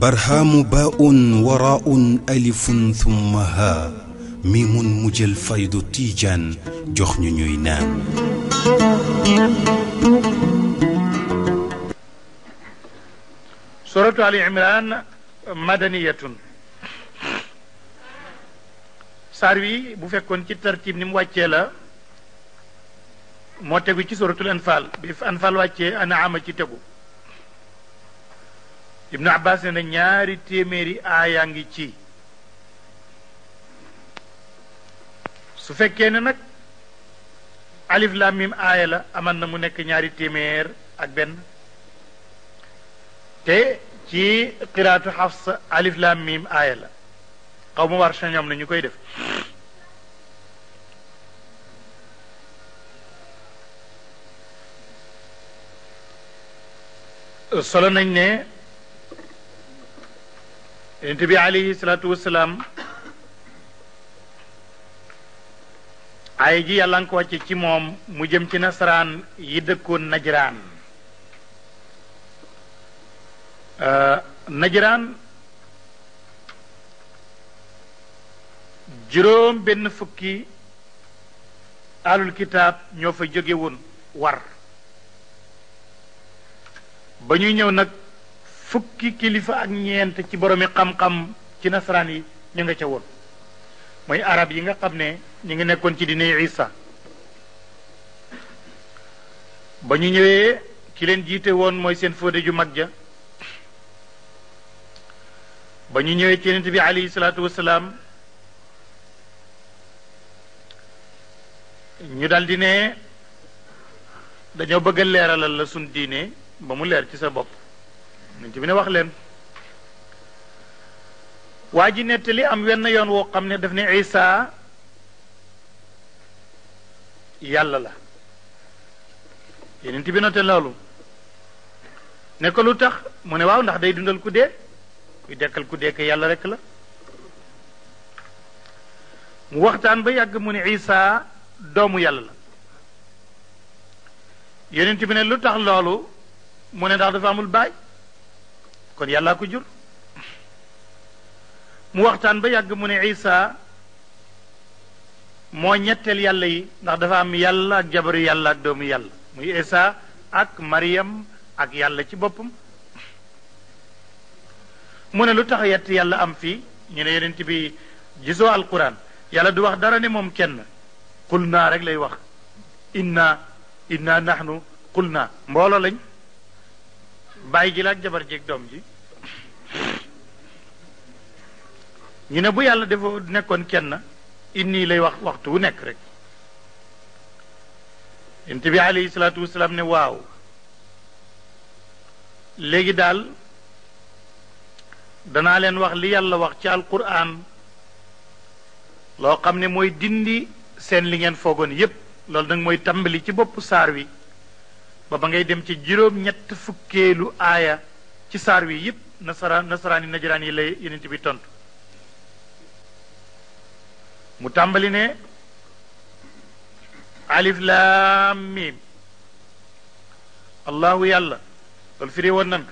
barhaamu baa waraa un alifun haa mi mujjal faydu tiijaan jox ñu ñuy suratu Ali Imran saar wi bu fekkoon ci tartiib ni mu la. moo tegu ci suratul anfal bi anfal wàccee anaama ci tegu ibnu abbas ne na ñaari téeméeri aayaa ngi ci su fekkee ne nag alif miim mim aaya la aman na mu nekk ñaari téeméer ak benn te ci qiraatu xafsa alif laam mim aaya la xaw ma war sa na ñu koy def solo nañ ne yonent bi alayhi salaatu wasalaam aaya ji yàlla nga ko ci moom mu jëm ci nasaraan yi dëkkoon najraan najaraan juróom benn fukki alul kitaab ñoo fa jóge woon war ba ñuy ñëw nag fukki kilifa ak ñeent ci boromi xam-xam ci nasaraan yi ñu nga ca woon mooy arab yi nga xam ne ñu ngi nekkoon ci diine Isa ba ñu ñëwee ki leen jiite woon mooy seen fóode ju mag ja ba ñu ñëwee ci yonent bi alayhi salaatu ñu daldi ne dañoo bëgg leeralal la sun diine ba mu leer ci sa bopp nañ ci bi ne wax leen waa ji nettali am wenn yoon woo xam ne daf ne Isa yàlla la yeneen bi note loolu ne ko lu tax mu ne waaw ndax day dundal ku dee kuy dekkal ku dee ko yàlla rekk la mu waxtaan ba yàgg mu ne Isa doomu yàlla la yeneen bi ne lu tax loolu mu ne ndax dafa amul baay kon yàllaa ko jur mu waxtaan ba yàgg mu ne Isa moo ñetteel yàlla yi ndax dafa am yàlla ak jabaru yàlla ak doomu yàlla muy Isa ak Mariam ak yàlla ci boppam mu ne lu tax yett yàlla am fi ñu ne yonent bi gisoo alquran yàlla du wax dara ne moom kenn qul rek lay wax inna inna nahnu qul naa mbooloo lañ bàyyi ji la jabar jeeg doom ji ñu ne bu yàlla dafa nekkoon kenn inni lay wax waxtu wu nekk rek yonent bi alayhi salaatu wasalaam ne waaw léegi daal danaa leen wax li yàlla wax ci alquran loo xam ne mooy dindi seen li ngeen foogoon yépp loolu nag mooy tàmbali ci bopp saar wi ba ngay dem ci juróom ñett fukkeelu aaya ci saar wi yëpp nasaraan nasaraan yi najiraan yi lay yenent bi tontu mu tàmbali ne alif laam miim allahu yàlla loolu firi woon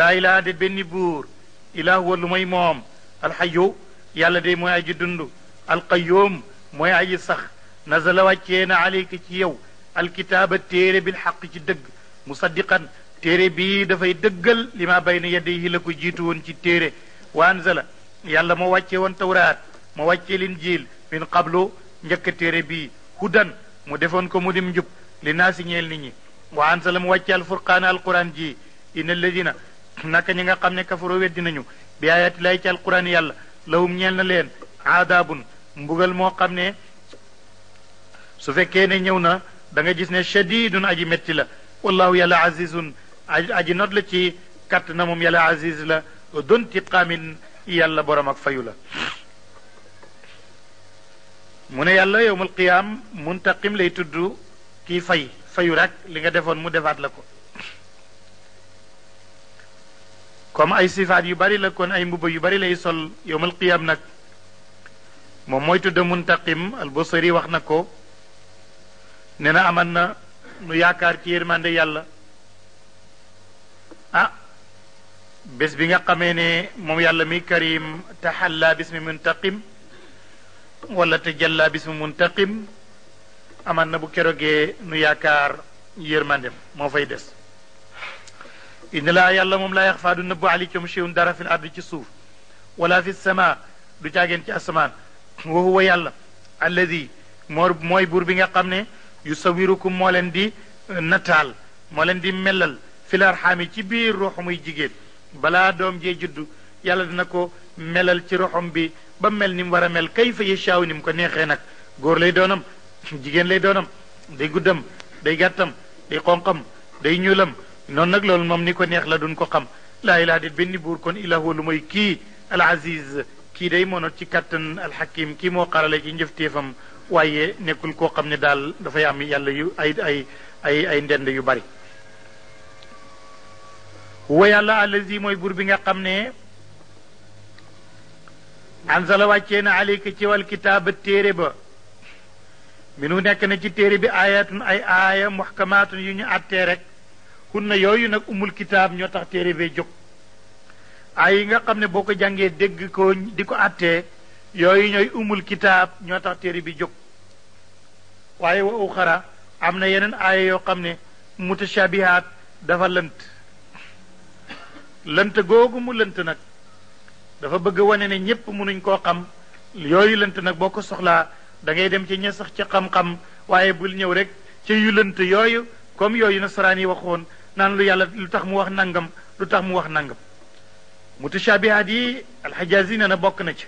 laa ilaha de benn buur ilah wa mooy moom alxayu yàlla de mooy aji dund alqayuum mooy aji sax nazala wàccee na aleyka ci yow alkitaaba téere bil xaq ci dëgg mu musaddiqan téere bii dafay dëggal li ma bayna yadayhi la ko jiitu woon ci téere waan anzala yàlla moo wàcce woon tawraat moo wàcce linjiil min qablu njëkk téere bii hudan mu defoon ko mu dim njub li naasi ñeel nit ñi wa anzala mu wàcce alfurqaana alquran ji inna alladina naka ñi nga xam ne kafaro weddi nañu bi ayaati lay ci alquran yàlla lawum ñeel na leen aadaabun mbugal moo xam ne su fekkee ne ñëw na da nga gis ne shadidun aji metti la wallahu yàlla azizun aji not la ci kàtt na moom yàlla aziz la donti qaamin yàlla borom ak fayu la mu ne yàlla yowmal qiyaam muntaqim lay tudd ki fay fayu rek li nga defoon mu defaat la ko comme ay sifaat yu bari la kon ay mbuba yu bari lay sol yowmal qiyaam nag moom mooy tudd muntaqim albosari wax na ko nee na aman na nu yaakaar ci yërmande yàlla ah bés bi nga xamee ne moom yàlla mi karim taxalla bismi muntaqim wala tajalla bismi muntaqim aman na bu kerogee nu yaakaar yërmandem moo fay des inna laa yàlla moom laa yaxfaa du nëbbu alikum shay'un dara fi ardi ci suuf wala fi sama du caageen ci asamaan wa huwa yàlla alladi mooy buur bi nga xam ne yusawirukum moo leen di euh, nataal moo di melal fil arxaami ci biir ruux jigéen balaa doom jee juddu yàlla dina ko melal ci ruuxam bi ba mel ni mu war a mel kayfa yashaaw ni mu ko neexee nag góor lay doonam jigéen lay doonam day guddam day gàttam day xonqam day ñuulam noonu nag loolu moom ni ko neex la duñ ko xam laa ilaha dit buur kon ilahu lu mooy kii al aziz kii day monoot ci kàttan alxakim kii moo xarale ci njëfteefam waaye nekkul koo xam ne daal dafay am yàlla yu ay ay ay yu bari wa yàlla allazi mooy buur bi nga xam ne anzala wàccee na aleyka ci wal kitaaba téere ba minu nekk na ci téere bi aayatun ay aaya muhkamaatun yu ñu àttee rek na yooyu nag umul kitaab ñoo tax téere bee jóg ay nga xam ne boo ko jàngee dégg ko di ko àttee yooyu ñooy umul kitaab ñoo tax téere bi jóg waaye wa xara am na yeneen aaya yoo xam ne mutashabihaat dafa lënt lënt googu mu lënt nag dafa bëgg wane ne ñépp mënuñ koo xam yooyu lënt nag boo ko soxlaa da ngay dem ci ña sax ci xam-xam waaye bul ñëw rek ci yu lënt yooyu comme yooyu na nasaraan yi waxoon naan lu yàlla lu tax mu wax nangam lu tax mu wax nangam mutashabihaat yi alxajaazi nee na bokk na ci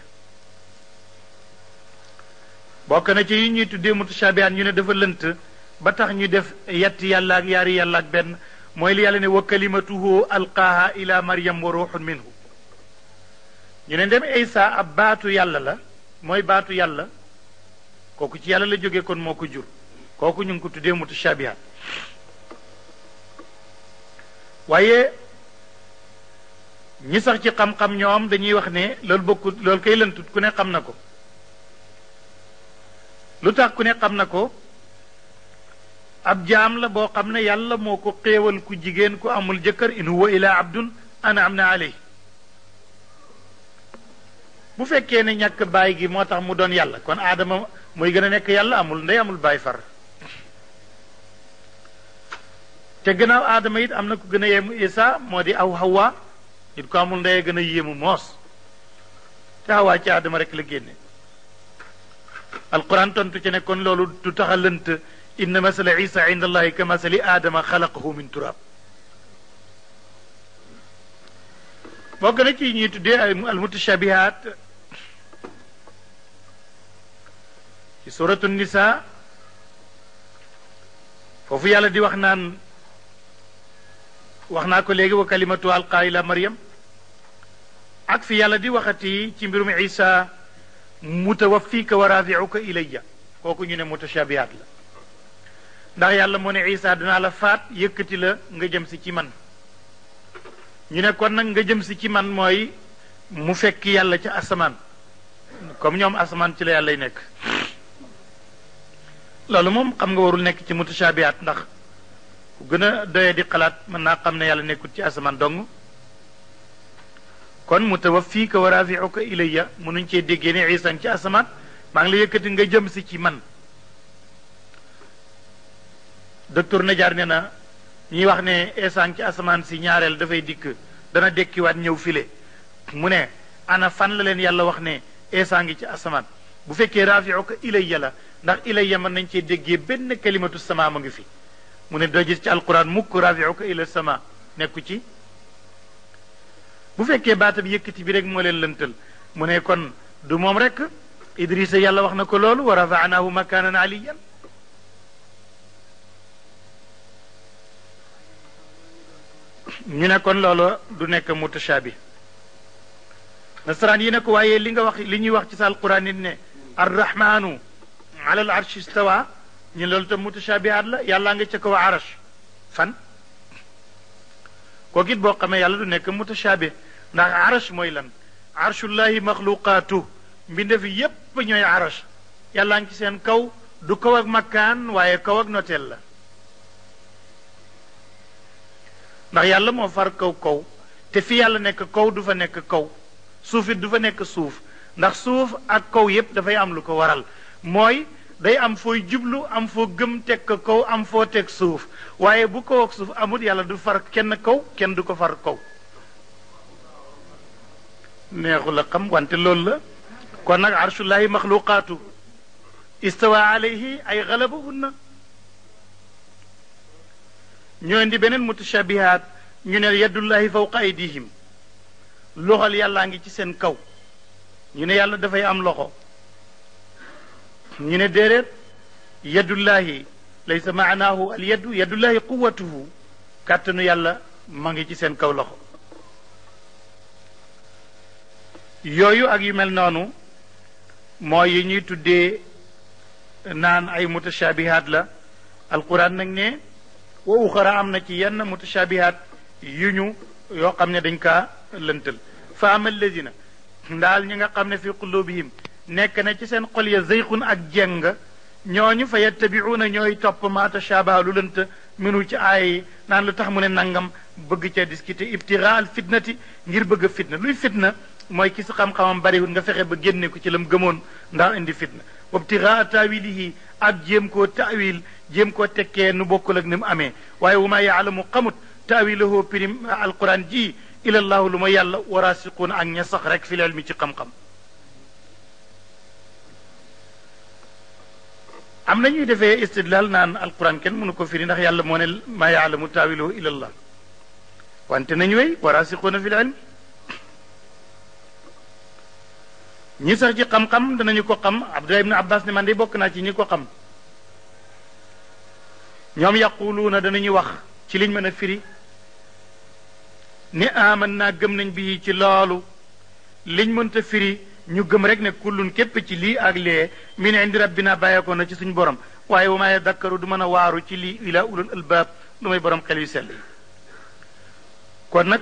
bokk na ci yi ñuy tuddee mutashabihan ñu ne dafa lënt ba tax ñu def yetti yàlla ak yaari yàlla benn mooy li yàlla ne wa kalimatuhu alqaaha ila maryam wa ruuxun minhu ñu ne ndem Isa ab baatu yàlla la mooy baatu yàlla kooku ci yàlla la jóge kon moo ko jur kooku ñu ngi ko tuddee mutashabihan waaye ñi sax ci xam-xam ñoom dañuy wax ne loolu bokkut loolu kay lëntut ku ne xam na ko lu tax ku ne xam na ko ab jaam la boo xam ne yàlla moo ko xéewal ku jigéen ku amul jëkkër in huwa ila abdun ana am na aley bu fekkee ne ñàkk baay gi moo tax mu doon yàlla kon aadama mooy gën a nekk yàlla amul ndey amul baay far te gannaaw aadama it am na ku gën a yéemu isa moo di aw hawa nit ko amul ndey gën a yéemu moos te hawa ci aadama rek la génne القران تنت تي نيكون لولو تو تخالنت ان مثل عيسى عند الله كمثل ادم خلقه من تراب بوك نتي ني تودي المتشابهات في سوره النساء وفي يالا دي واخنان واخنا كو ليغي وكلمه القائله مريم اك في يالا دي واختي تي عيسى mutawaffiika wa fii raaji'uka ja kooku ñu ne mutashabihaat la ndax yàlla moo ne Isa dinaa la faat yëkkati la nga jëm si ci man ñu ne kon nag nga jëm si ci man mooy mu fekk yàlla ca asamaan comme ñoom asamaan ci la yàllay nekk loolu moom xam nga warul nekk ci mutashabihaat ndax ku gën a doye di xalaat mën naa xam ne yàlla nekkul ci asamaan dong kon mutawaffika wa rafi'uka ilayya munuñ ci degge ne isa ci asman ma ngi nga jëm si ci man docteur Najaar neena ñi wax ne isa ci asamaan si da fay dikk dana wat ñew filé mu ne ana fan la leen yalla wax ne isa ngi ci asman bu fekke rafi'uka ilayya la ndax ilayya man nañ ci degge ben kalimatu sama ma ngi fi mu ne do gis ci alquran mukk rafi'uka ila sama nekku ci bu fekkee baatab yëkkati bi rek moo leen lëntal mu ne kon du moom rek idrissa yàlla wax na ko loolu wa rafanahu makanan aliyan ñu ne kon loolu du nekk mutashabi nasaraan yi ne ko waaye li nga wax li ñuy wax ci sal quran it ne arrahmanu ala al arshi istawa ñu loolu tam mutashabihaat la yàlla nga ca ko arash fan kookit boo xamee yàlla du nekk mutashaabi ndax arash mooy lan arshullahi maxluqaatu mbindeef yépp ñooy arash yàllaa ngi ci seen kaw du kaw ak makkaan waaye kaw ak noteel la ndax yàlla moo far kaw kaw te fi yàlla nekk kaw du fa nekk kaw suuf du fa nekk suuf ndax suuf ak kaw yépp dafay am lu ko waral mooy day am foy jublu am fo gëm tek ko am fo tek souf waye bu ko ak suuf amul yàlla du far kenn ko kenn du ko far ko neexu la xam wante lol la kon arshu llahi makhluqatu istawa alayhi ay ghalabuhunna ñoo indi benen mutashabihat ñu ne llahi fawqa aydihim loxal yalla ngi ci sen kaw ñu ne yàlla fay am loxo ñu ne déedéet yaddullahi laysa maanaahu al yaddu yaddullahi quwatuhu kàttanu yàlla ma ngi ci seen kaw loxo yooyu ak yu mel noonu mooy yi ñuy tuddee naan ay mutashabihaat la alquran nag ne wa uxara am na ci yenn mutashabihaat yu ñu yoo xam ne dañ kaa lëntal fa ama alladina ndaal ñi nga xam ne fi qulubihim nekk na ci seen xol ya zeyqun ak jeng ñooñu fa yattabiuuna ñooy topp maata shaaba lu lënt minu ci aaya yi naan lu tax mu ne nangam bëgg cee discuter ibtira al fitnati ngir bëgg fitna luy fitna mooy ki si xam-xamam bariwul nga fexe ba génne ko ci la mu gëmoon ndax indi fitna wabtiraa taawilihi ak jéem koo taawil jéem koo tekkee nu bokkul ak ni mu amee waaye wa maa yaalamu xamut taawilahu prim alquran ji ilallahu lu ma yàlla warasiquun ak ña sax rek fi lelmi ci xam am na ñuy defee istidlal naan alquran kenn mënu ko firi ndax yàlla moo ne maa yaalamu taawilahu illa allah wante nañu wey warasiquuna fil ilm ñi sax ci xam danañu ko xam abdullah ibnu abbas ne man de bokk naa ci ñi ko xam ñoom yaquluuna danañu wax ci liñ mën a firi ni aman naa gëm nañ bi ci loolu liñ mënta firi ñu gëm rek ne kullun képp ci lii ak lee min indi rabbina bàyyeekoo na ci suñu borom waaye wa maa yadakkaru du mën a waaru ci lii ila ulul albaab lu may borom xel yu sell kon nag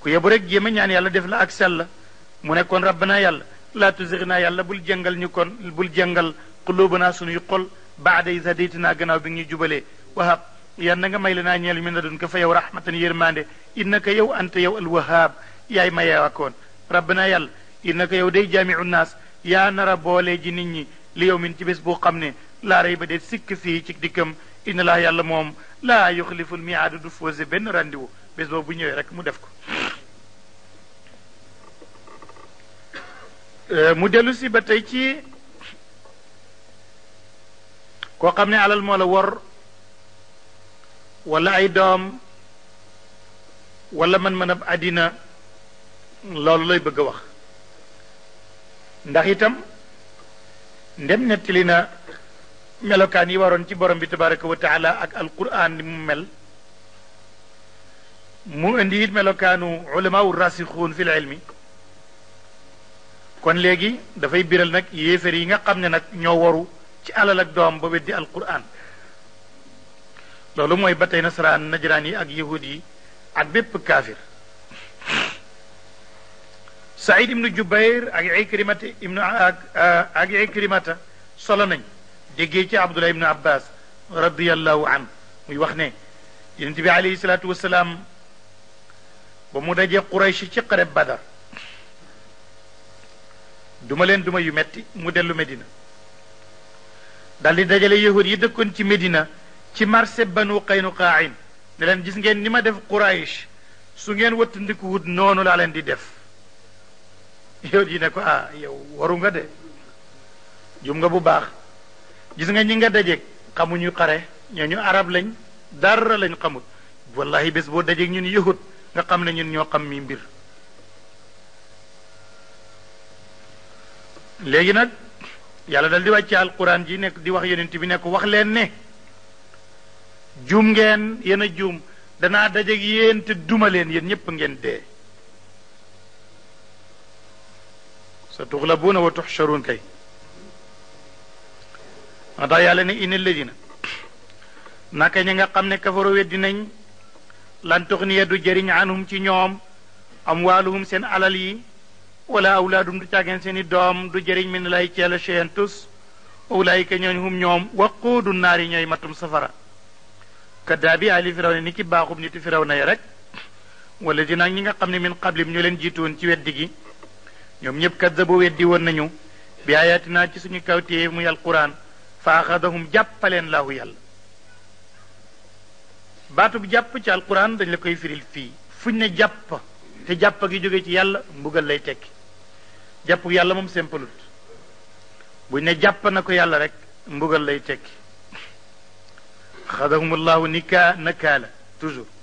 ku yebu rek jéem ñaan yàlla def la ak sell mu ne kon rabbana yàlla laa tuzighnaa yàlla bul jàngal ñu kon bul jàngal quluubanaa suñuy xol baada iz hadaytanaa ganaaw bi ñuy jubalee wahab yan na nga may la naa ñeel min ladunka fa yow rahmatan yërmande innaka yow anta yow alwahaab yaay mayeewakoon rabbana yàlla innaka yow day jaamiu naas yaa nar a boole nit ñi li yow min ci bés boo xam ne laa rey ba dee sikk fii ci dikkam inna laa yàlla moom laa yuxliful miaada du faussé benn rendez-vous bés bu ñëwee mu def ko euh, mu dellusi ba tey ci koo xam ne alal moo la wor wala ay doom wala man-man ab àddina loolu lay bëgg a wax ndax itam ndem nettali na melokaan yi waroon ci borom bi tabaraka wa taala ak alquran ni mu mel mu indi it melokaanu ulamaau rasixuun fi l ilmi kon léegi dafay biral nag yéeféer yi nga xam ne nag ñoo waru ci alal doom ba weddi alquran loolu mooy ba tey nasaraan najraan yi ak yahud ak bépp kaafir Saïd ibnu Jubayr ak Ikrimata ibnu ak euh, ak Ikrimata solo nañ déggee ci Abdullah ibnu Abbas radiallahu an muy wax ne yonent bi alayhi salaatu wasalaam ba mu dajee Quraysh ci xareb Badar duma leen duma yu metti mu dellu Medina dal di dajale yahud yi dëkkoon ci Medina ci marché banu Qaynuqaa ne leen gis ngeen ni ma def Quraysh su ngeen wëttandiku wut noonu laa leen di def yow ji ne ko ah yow waru nga de jum nga bu baax gis nga ñi nga xamu ñu xare arab lañ dara lañ xamut wallahi bes bo dajek ñun yahut nga xam ne ñun ñoo xam mi mbir legi nak yalla dal di lenne, alquran ji nek di wax yonent bi nek wax len ne jum ngeen yena jum dana dajek yent duma len ngeen de sa tuxlabuuna wa tuxcharuun kay moo tax yàlla ne inna alladina naka ñi nga xam ne kafaro weddi nañ lan tuxniya du jëriñ anhum ci ñoom am amwaaluhum seen alal yi wala awlaadum du càggeen seen i doom du jariñ min lay ceela cheyen tus ulaayika ñooñ hum ñoom waquudu du naari ñooy matum safara kaddaa bi ali firaw ni ki baaxum niti firaw nay rek wala dinag ñi nga xam ne min qablim ñu leen jiituwoon ci weddi gi ñoom ñëpp kaddabu weddi woon nañu bi naa ci suñu kawtéye muy alquran fa axadahum jàppaleen laahu yàlla baatub jàpp ci alquran dañ la koy firil fii fuñ ne jàpp te jàpp gi jóge ci yàlla mbugal lay tekki jàpp yàlla moom sempalut buñ ne jàpp na ko yàlla rek mbugal lay tekki axadahum allahu nika nakaala toujours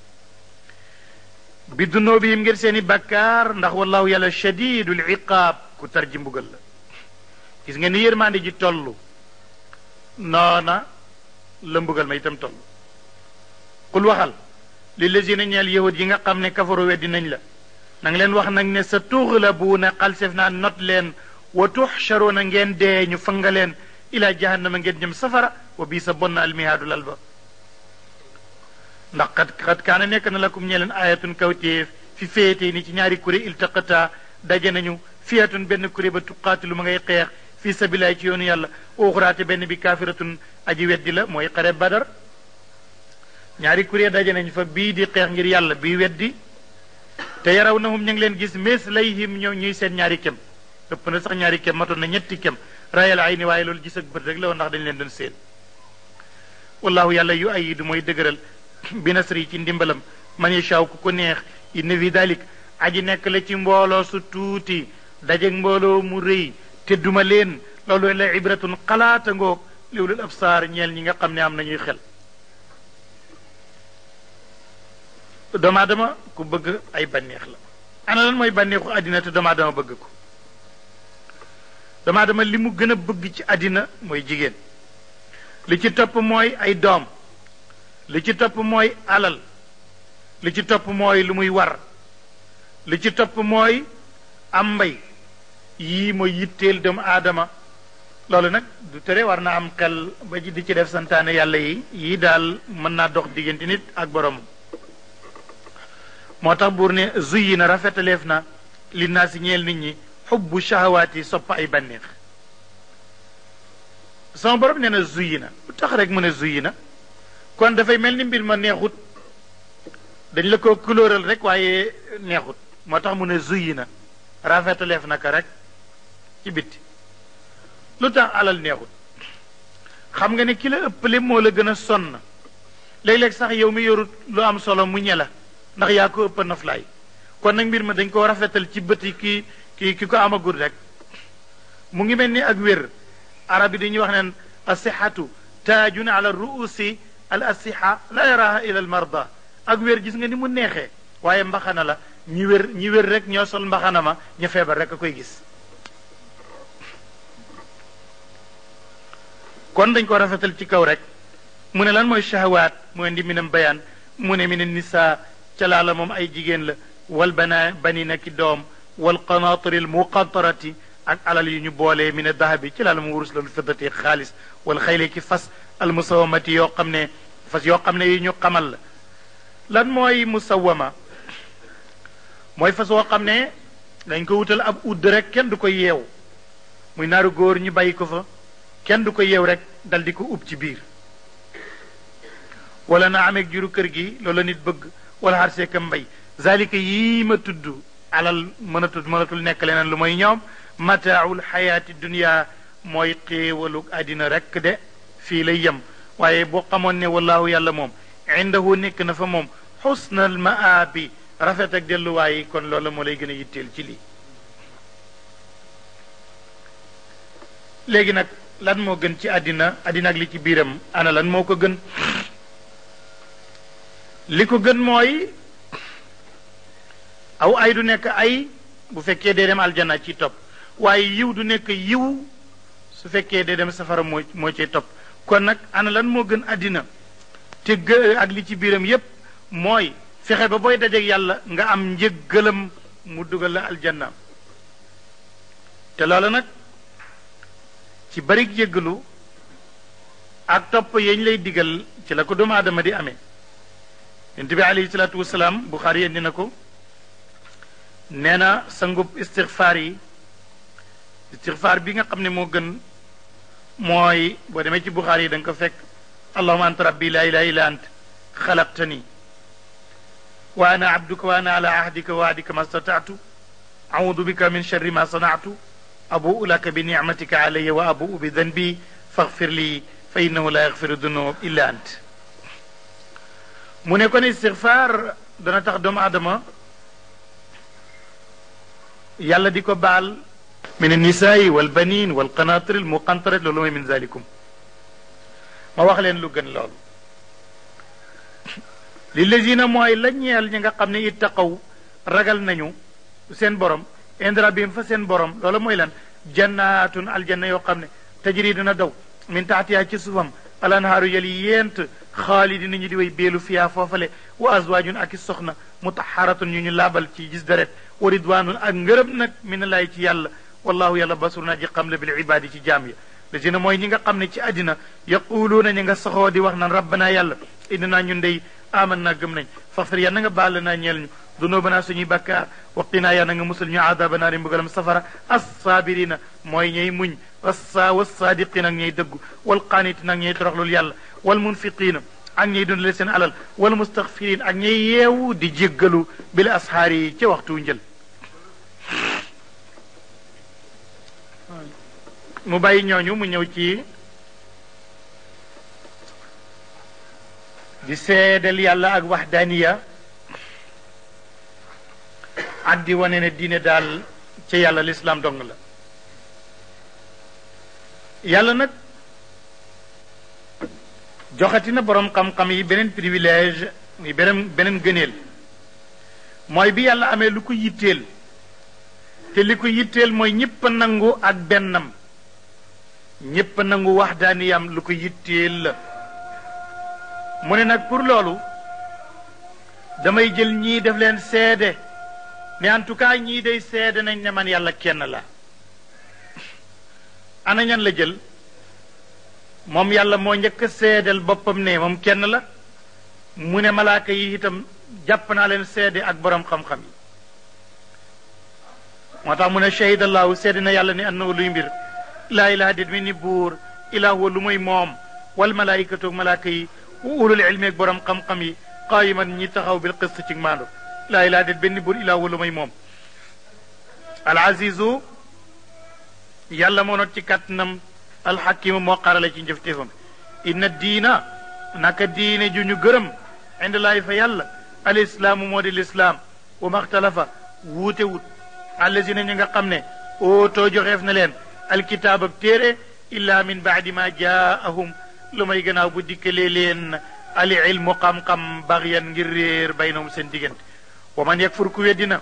bi dunoo bi ngir seeni i bakkaar ndax wallahu yàlla shadidul iqaab ku tar ji mbugal la gis nga ni yërmande ji toll noona la mbugal ma itam toll qul waxal lillazina ñeel yahud yi nga xam ne kafaru weddi nañ la nang leen wax nag ne sa tuxlabuuna xalsef naa not leen wa tuxcharuuna ngeen dee ñu fanga leen ilaa jahannama ngeen jëm safara wa bii sa bon na almihaadul alba ndax xat xat kaana nekk na lakum ñee leen ayatun kawtéef fi féete ni ci ñaari kuré iltaqata daje nañu fiyatun benn kuré ba lu ma ngay xeex fi sabilaay ci yoonu yàlla ooxuraate benn bi kaafiratun aji weddi la mooy xare badar ñaari kuré daje nañu fa bii di xeex ngir yàlla bii weddi te yaraw nahum ñu ngi leen gis mees lay ñoo ñuy seen ñaari kem ëpp na sax ñaari kem matoon na ñetti kem rayal ay ni waaye loolu ji ak bët rek la woon ndax dañ leen doon seen wallahu yàlla yu ayidu mooy dëgëral bi nasri ci ndimbalam man yashaa ku ko neex inna fi dalik aji nekk la ci mbooloo su tuuti dajeg mbooloo mu rëy tedduma leen loolu la ibratun xalaata ngoog liwlul absaar ñeel ñi nga xam ne am nañuy xel doomu aadama ku bëgg ay bànneex la ana lan mooy bànneexu àddina te doomu bëgg ko doomu aadama li mu gën a bëgg ci àddina mooy jigéen li ci topp mooy ay doom li ci topp mooy alal li ci topp mooy lu muy war li ci topp mooy am mbay yii mooy yitteel doomu aadama loolu nag du tere war na am xel ba di ci def santaane yàlla yi yii daal mën naa dox diggante nit ak borom moo tax buur ne zuyi na rafetaleef na li naa si ñeel nit ñi xubbu shahawaati sopp ay bànneex sama borom nee na zuyi na lu tax rek mu ne na kon dafay mel ni mbir ma neexut dañ la ko kulóoral rek waaye neexut moo tax mu ne zuyi na rafetaleef naka rek ci bitti lu tax alal neexut xam nga ne ki la ëppale moo la gën a sonn léeg-léeg sax yow mi yorut lu am solo mu ñe ndax yaa ko ëpp noflaay kon nag mbir ma dañ koo rafetal ci bëti ki ki ki ko amagul rek mu ngi mel ni ak wér arab yi dañuy wax neen asihatu taajun ala ruusi al asiha la yaraha ila al marda ak wér gis nga ni mu neexee waaye mbaxana la ñi wér ñi wér rek ñoo sol mbaxana ma ñu feebar rek a koy gis kon dañ ko rafetal ci kaw rek mu ne lan mooy shahawaat mu indi minam bayaan mu ne mine nisaa ca laa moom ay jigéen la wal bana bani na ki doom wal qanaatiri l muqantarati ak alal yu ñu boolee mine dahabi ci laa la moom wurus la lu fiddati xaalis wal xaylee ki fas al musawamati yoo xam ne fas yoo xam ne yi ñu xamal la lan mooy musawama mooy fas woo xam ne dañ ko wutal ab udd rek kenn du ko yeew muy naaru góor ñu bàyyi ko fa kenn du ko yeew rek dal di ko ub ci biir wala na ameeg juru kër gi loola nit bëgg wala xarseeka mbay zalika yii ma tudd alal mënatul mënatul nekk leneen lu mooy ñoom mataaul xayaati dunia mooy xéewalug àddina rek de fii lay yem waaye boo xamoon ne wallaahu yàlla moom indahu nekk na fa moom xusnal maabi rafet ak delluwaay yi kon loola moo lay gën a yitteel ci lii léegi nag lan moo gën ci àddina àddina ak li ci biiram ana lan moo ko gën li ko gën mooy aw ay du nekk ay bu fekkee dee dem aljana ci topp waaye yiw du nekk yiw su fekkee dee dem safara moo moo cay topp kon nag ana lan moo gën àddina te gë ak li ci biiram yépp mooy fexe ba booy dajeek yàlla nga am njëggalam mu dugal la aljanna te loola nag ci bari jéggalu ak topp yeñ lay digal ci la ko doomu aadama di amee yonent bi alayhi salaatu wasalaam buxaari indi na ko nee na sangub istixfaar yi istixfaar bi nga xam ne moo gën mooy boo demee ci buxaari yi da nga ko fekk allahuma anta rabbi laa ilaha illa ant xalaqtani wa ana abduka wa ana ala ahdika wa ahdika ma stataatu audu bika min sharri ma sanaatu abuu laka bi nicmatika alayya wa abuu bi danbi faxfir lii fa innahu la yaxfiru dunub illa ant mu ne kon istixfaar dana tax doomu aadama yàlla di ko baal min annisaai walbanin walqanatir almuqantarat loolu mooy min zalikum ma wax leen lu gën loolu lillazina mooy la ñeel ñi nga xam ne ittaqaw ragal nañu seen borom indra bihim fa seen borom loola mooy lan jannaatun aljanna yoo xam ne tajri dina daw min taxtiyaa ci suufam alanhaaru yali yéent xaalidi nañu di way beelu fiyaa foofale wa azwaajun ak i soxna mutaharatun ñu ñu laabal ci gis deret wa ridwaanun ak ngërëm nag min laay ci yàlla والله يلا بسرنا جي قمل بالعباد جي جامية لجينا موي نيغا قمنا جي أدنا يقولون نيغا سخوة دي وحنا ربنا يلا إننا نيندي آمنا قمنا ففريا نيغا بالنا نيلن ذنوبنا سني بكار وقتنا يا نيغا مسلم عذاب نار مغلم سفر الصابرين موي ني مون والصا والصادقين ني دغ والقانتين ني ترخلو يلا والمنفقين ak ñi dund leen seen alal wala mustaghfirin ak ñi yewu di jéggalu mu bàyyi ñooñu mu ñëw ci di seedal yàlla ak waxdaaniya ak di wane ne diine daal ci yàlla lislaam dong la yàlla nag joxati na boroom xam-xam yi beneen privilège muy beneen beneen gëneel mooy bi yàlla amee lu ko yitteel te li ko yitteel mooy ñëpp a nangu ak bennam ñépp nangu wax daaniyam lu ko yitteel la mu ne nag pour loolu damay jël ñii def leen seede ne en tout cas ñii day seede nañ ne man yàlla kenn la ana ñan la jël moom yàlla moo njëkk a boppam ne moom kenn la mu ne malaaka yi itam jàpp naa leen seede ak borom xam-xam yi moo tax mu ne shahidallahu seede na yàlla ne annahu luy mbir laa ilaha déet mi ni buur ilaa huwa lu muy moom wal malaayikatu ak malaaka yi wa ulul ilmi ak borom xam-xam yi qaayiman ñi taxaw bil qist ci maandu laa ilaha déet benn buur ilaa huwa lu muy moom al azizu yàlla moo noot ci kàttanam alxakimu moo xarale ci njëfteefam inna diina naka diine ju ñu gërëm ind laay fa yàlla al islaamu moo di lislaam wa maxtalafa wuute wut allazina ñu nga xam ne ootoo joxeef na leen alkitaab ak téere illa min baadi ma jaahum lu may gannaaw bu dikkalee leen ali ilmu xam-xam baxyan ngir réer baynahum seen diggante wa man yakfur ku weddina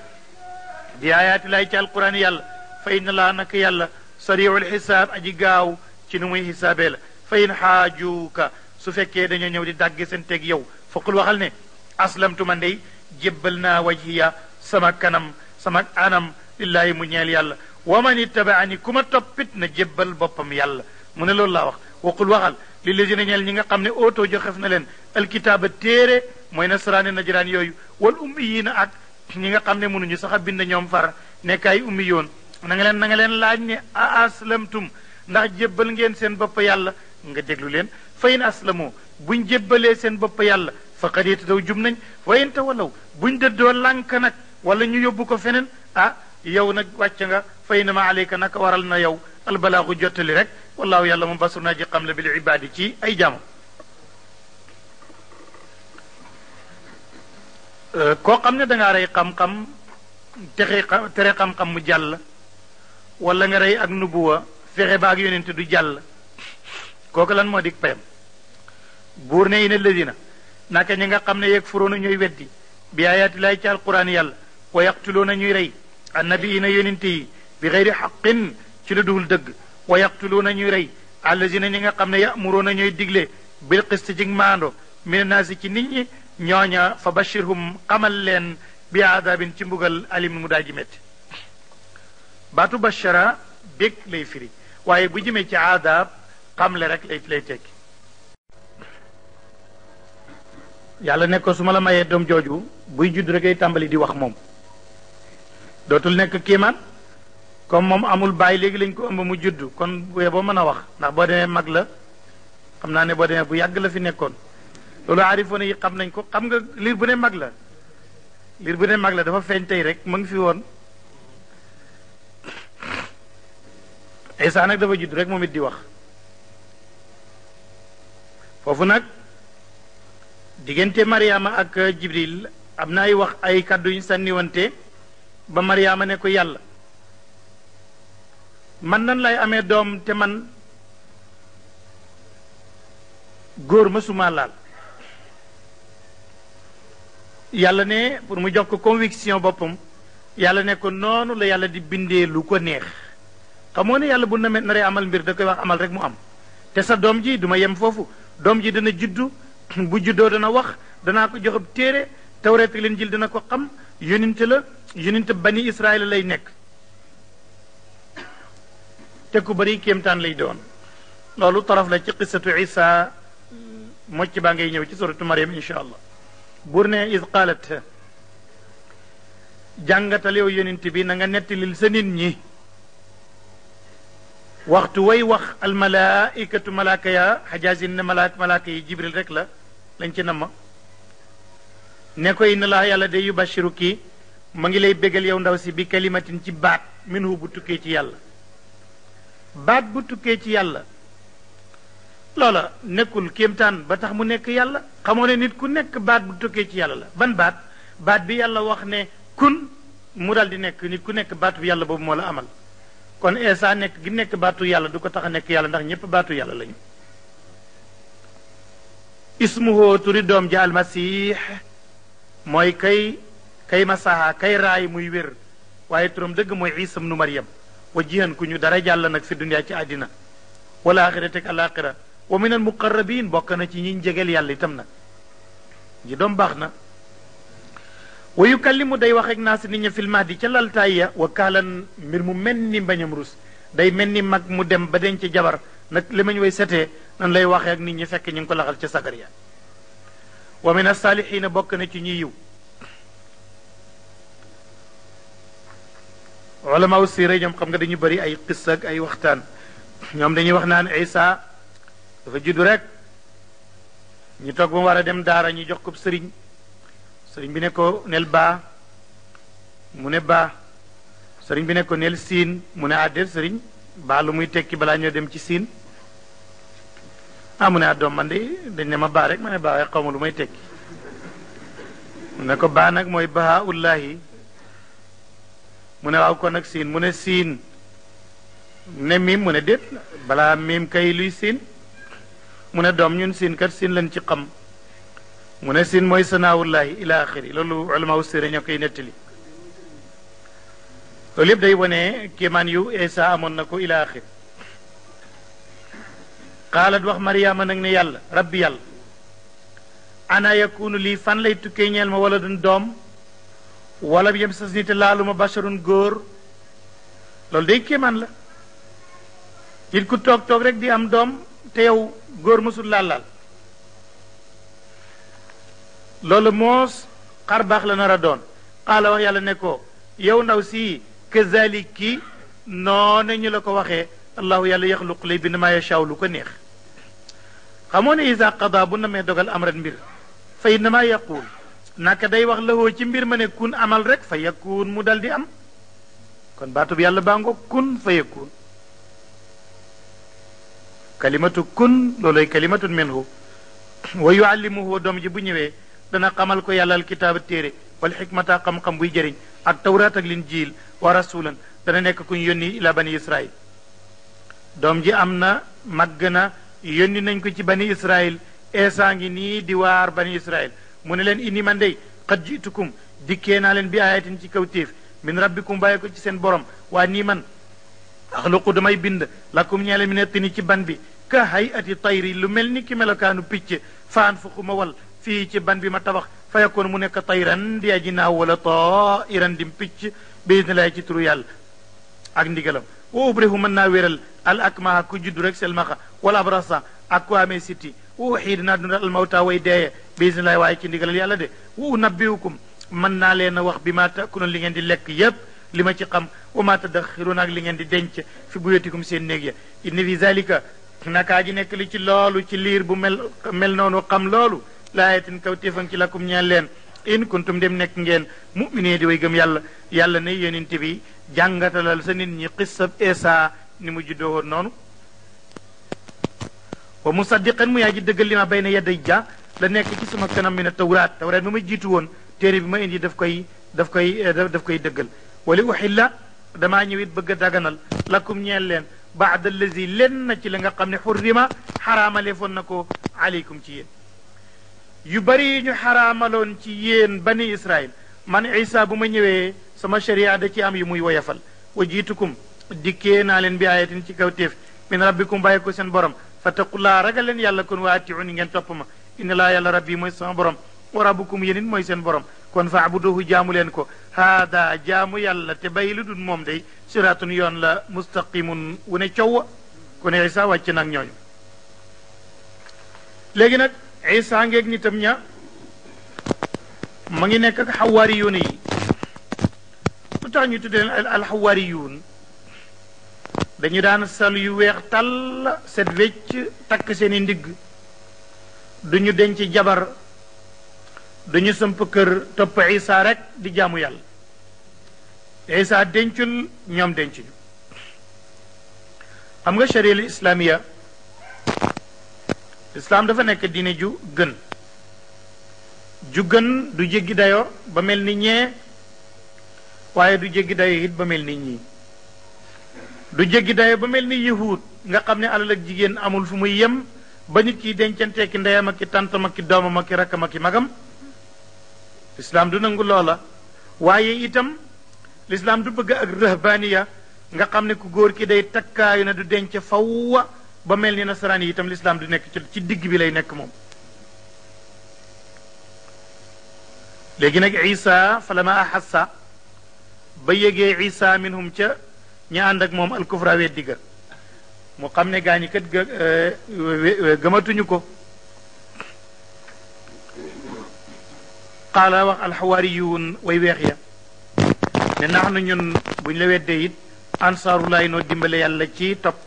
bi ayaati laay ci alquran yàlla fa inna laa nak yàlla sariul xisaab aji gaaw ci nu muy xisaabee la fa in xaajuuka su fekkee dañoo ñëw di dàgg seen teg yow faqul waxal ne aslamtu man dey jébbal naa wajhiya sama kanam sama anam lillahi mu ñeel yàlla wa man ittabaani ku ma toppit na jébbal boppam yàlla mu ne loolu laa wax waqul waxal li lésina ñeel ñi nga xam ne oto joxef na leen alkitaaba téere mooy na najiraan yooyu wal ummi yii na ak ñi nga xam ne mënuñu sax a bind ñoom far nekk ay ummi yoon na nga leen na nga leen laaj ne a aslamtum ndax jébbal ngeen seen bopp yàlla nga déglu leen fa in aslamu buñ jébbalee seen bopp yàlla faqad ittadaw jub nañ fa in tawalaw buñ dëddoo lànk nag wala ñu yóbbu ko feneen ah yow nag wàcc nga fay na ma aleyka naka waral na yow albalaaxu jottali rek wallaahu yàlla moom basur naa ji xam la bil ibaadi ci ay jaamam euh, koo xam ne dangaa rey xam-xam texe tere xam-xam mu jàll wala nga rey ak nubuwa fexe ba ak yonent du jàll kooku lan moo di payam buur ne yi ne lëdina naka ñi nga xam ne yeeg furoona ñooy weddi bi ayaati laay ci alquran yàlla wa yaqtuluuna ñuy rey annabiina yonent yi bi xeyri xaqin ci lu dul dëgg wa yaqtuluuna ñuy rey allazina ñi nga xam ne yamuruuna ñooy digle bil qist jig maando mina ci nit ñi ñooña fa bashirhum xamal leen bi aadaabin ci mbugal alim daa daal ji baatu bashara bég lay firi waaye bu jëmee ci aadaab xamle rek lay tekki yàlla nekkoo ko su ma la mayee doom jooju buy judd rek ay tàmbali di wax moom dootul nekk kii man comme moom amul bàyyi léegi lañ ko ëmb mu judd kon bu boo mën a wax ndax boo demee mag la xam naa ne boo demee bu yàgg la fi nekkoon loolu aarifoon yi xam nañ ko xam nga liir bu ne mag la liir bu ne mag la dafa feeñ tey rek mu ngi fi woon Isaa nag dafa judd rek moom it di wax foofu nag diggante Mariama ak Jibril am na ay wax ay kàddu yu ñu ba maryaama ne ko yàlla man nan lay amee doom te man góor mësuma laal yàlla ne pour mu jox ko conviction boppam yàlla ne ko noonu la yàlla di bindee lu ko neex xamoo ne yàlla bu na naree amal mbir da koy wax amal rek mu am te sa doom ji duma yem foofu doom ji dana juddu bu juddoo dana wax danaa ko jox ab téere tawreet leen jil dana ko xam yonent la yonent bani Israel lay nekk te ku bëri kéemtaan lay doon loolu taraf la ci qissatu isa mocc baa ngay ñëw ci suratu mariam incha allah buur ne is qaalat jàngatal yow yonent bi na nga nettalil sa nit ñi waxtu way wax almalaaikatu malaaka ya xajaazin ne malaak malaaka yi jibril rek la lañ ci namm ne ko inna laa yàlla de yu bashiru kii mu ngi lay bégal yow ndaw si bi kalimatin ci baat minhu bu tukkee ci yàlla baat bu tukkee ci yàlla loola nekkul kéemtaan ba tax mu nekk yàlla xamoo ne nit ku nekk baat bu tukkee ci yàlla la ban baat baat bi yàlla wax ne kun mu dal di nekk nit ku nekk baatu yàlla boobu moo la amal kon Eesa nekk gi nekk baatu yàlla du ko tax a nekk yàlla ndax ñépp baatu yàlla lañu mooy kay kay masaha kay raay muy wér waaye turam dëgg mooy isam nu maryam wa jihan ku ñu dara jàll nag fi duniyaa ci àddina wala axira teg alaxira wa mu al muqarrabin bokk na ci ñi jegeel yàlla itam na ji doom baax na wa mu day wax ak naa si nit ña fil mahdi ca laltaay ya wa kaalan mbir mu mel ni mbañam rus day mel ni mag mu dem ba denc jabar nag li mañ way setee nan lay waxee ak nit ñi fekk ñu ngi ko laxal ca sagar wa min asaalihina bokk na ci ñuy yiw ulama siire ñoom xam nga dañu bari ay qissa ay waxtaan ñoom dañuy wax naan Isa dafa juddu rekk ñu toog ba mu war a dem daara ñu jox ko sëriñ sëriñ bi ne ko nel baa mu ne baa sëriñ bi ne ko nel siin mu ne àddee ah, sëriñ baa lu muy tekki balaa ñoo dem ci siin ah a doom man de dañ ne ma baa rek ma ne baa xaw ma lu may tekki mu ne ko baa nag mooy baa ullahi mu ne waaw kon nag siin mu ne siin ne miim mu ne déet balaa miim kay luy siin mu ne doom ñun siin kat siin lañ ci xam mu ne siin mooy sanaawullahi ila axiri loolu ulamaaw séré ñoo koy nettali loolu yëpp day wone kéemaan yu Isa amoon na ko ila axiri qaalat wax mariama nag ne yàlla rabbi yàlla ana yakunu lii fan lay tukkee ñeel ma wala dun doom walla wala yem sas nite laaluma basharun góor loolu day man la nit ku toog toog rek di am doom te yow góor mësul laal laal loolu moos xar baax la nar a doon xaala wax yàlla ne ko yow ndaw si kazaliki noonu ñu la ko waxee allahu yàlla yaxluq lay bind maa yashaaw lu ko neex xamoo isa qada bu namee dogal amran mbir fa innama yaquul naka day wax lahoo ci mbir ma ne kun amal rek fa yakun mu dal di am kon baatub yàlla baa ngo kun fa yakun kalimatu kun looloy kalimatun minhu wa yuallimuhu doom ji bu ñëwee dana xamal ko yàlla alkitaaba téere wal xikmata xam-xam buy jëriñ ak tawraat ak linjiil wa rasulan dana nekk ku ñu yónni ila doom ji am na màgg na yónni nañ ko ci bani israil eesa ngi nii di waar bani israil mu ne leen inni man dey xat jitukum dikkee naa leen bi ayatin ci kaw téef min rabbikum bàyyi ko ci seen borom waa nii man axluqu damay bind lakum ñeele mi netti ni ci ban bi ka hay ati tayri lu mel ni ki melokaanu picc faan fuqu ma wal fii ci ban bi ma tabax fa yakkoon mu nekk tayran di aji naaw wala tairan dim picc bi idnillahi ci turu ak ndigalam wa ubrihu mën naa weral al akmaha ku juddu rek selmaxa wala abrasa ak ku amee sitti wa xiid naa dundal al mawta way deeye bisimilahi waaye ci ndigalal yàlla de wa unabbiukum mën naa leen a wax bi ma takuna li ngeen di lekk yépp li ma ci xam wa ma tadaxiruuna ak li ngeen di denc fi buyutikum seen néeg ya inna fi zalika nakaa ji nekk li ci loolu ci liir bu mel mel noonu xam loolu laayatin kaw téefan ci lakum ñeel leen in kuntum dem nekk ngeen mu'minee di way gëm yàlla yàlla ne yonent bi jàngatalal sa nit ñi xissab Isa ni mu juddoo woon noonu wa musaddiqan mu yaa ji dëggal li ma bay na yedday ja la nekk ci sama kanam mi ne tawraat tawraat bi ma jiitu woon téere bi ma indi daf koy daf koy eh, daf koy dëggal wali uhilla damaa ñëw it bëgg a daganal lakum ñeel leen baada allazi leen na ci la nga xam ne ma xaraamale foon na ko aleykum ci yéen yu bari yi ñu xaraamaloon ci yéen bani israil man isa bu ma ñëwee sama sharia da ci am yu muy woyafal wa jiitukum dikkee naa leen bi ayatin ci kaw téef min rabbikum bàyyi ko seen borom fa fattaqullaa ragal leen yàlla kon wa atiuni ngeen topp ma inna laa yàlla rabbi mooy sama borom wa rabbukum yéen mooy seen borom kon faabuduhu jaamu leen ko haada jaamu yàlla te bàyyi lu moom dey siraatun yoon la mustaqimun wu ne coow ku ne isa wàcc nag ñooñu isa ngeeg nitam ña mu ngi nekk ak yi lu tax ñu tuddee leen dañu daan sal yu weex tàll set wecc takk seeni ndigg duñu denc jabar duñu sëmp kër topp isa rek di jaamu yàlla isa dencul ñoom dencuñu xam nga charia islamiya Islam dafa nek diine ju gën ju gën du jéggi dayo ba mel ni ñee waaye du jéggi dayo it ba mel ni ñi du jéggi dayo ba mel ni yahuud nga xam ne alal ak jigéen amul fu muy yem ba nit ki dencantee ki ndeyam ak ki tàntam ak ki doomam ak ki ak ki magam lislaam du nangu loola waaye itam l'islam du bëgg ak rahbaniya nga xam ne ku góor ki day takkaayu na du denc fawwa ba mel ni nasaraan yi itam lislaam di nekk ci digg bi lay nekk moom léegi nag isa fa lama axassa ba yégee isa minhum ca ña ànd moom alkufra weddi mu xam ne gaañi kat euh, gëmatuñu ko qaala wax alxawaariyuun way weex ya ne nax na ñun buñ la weddee it ansaarulaay noo dimbale yàlla ci topp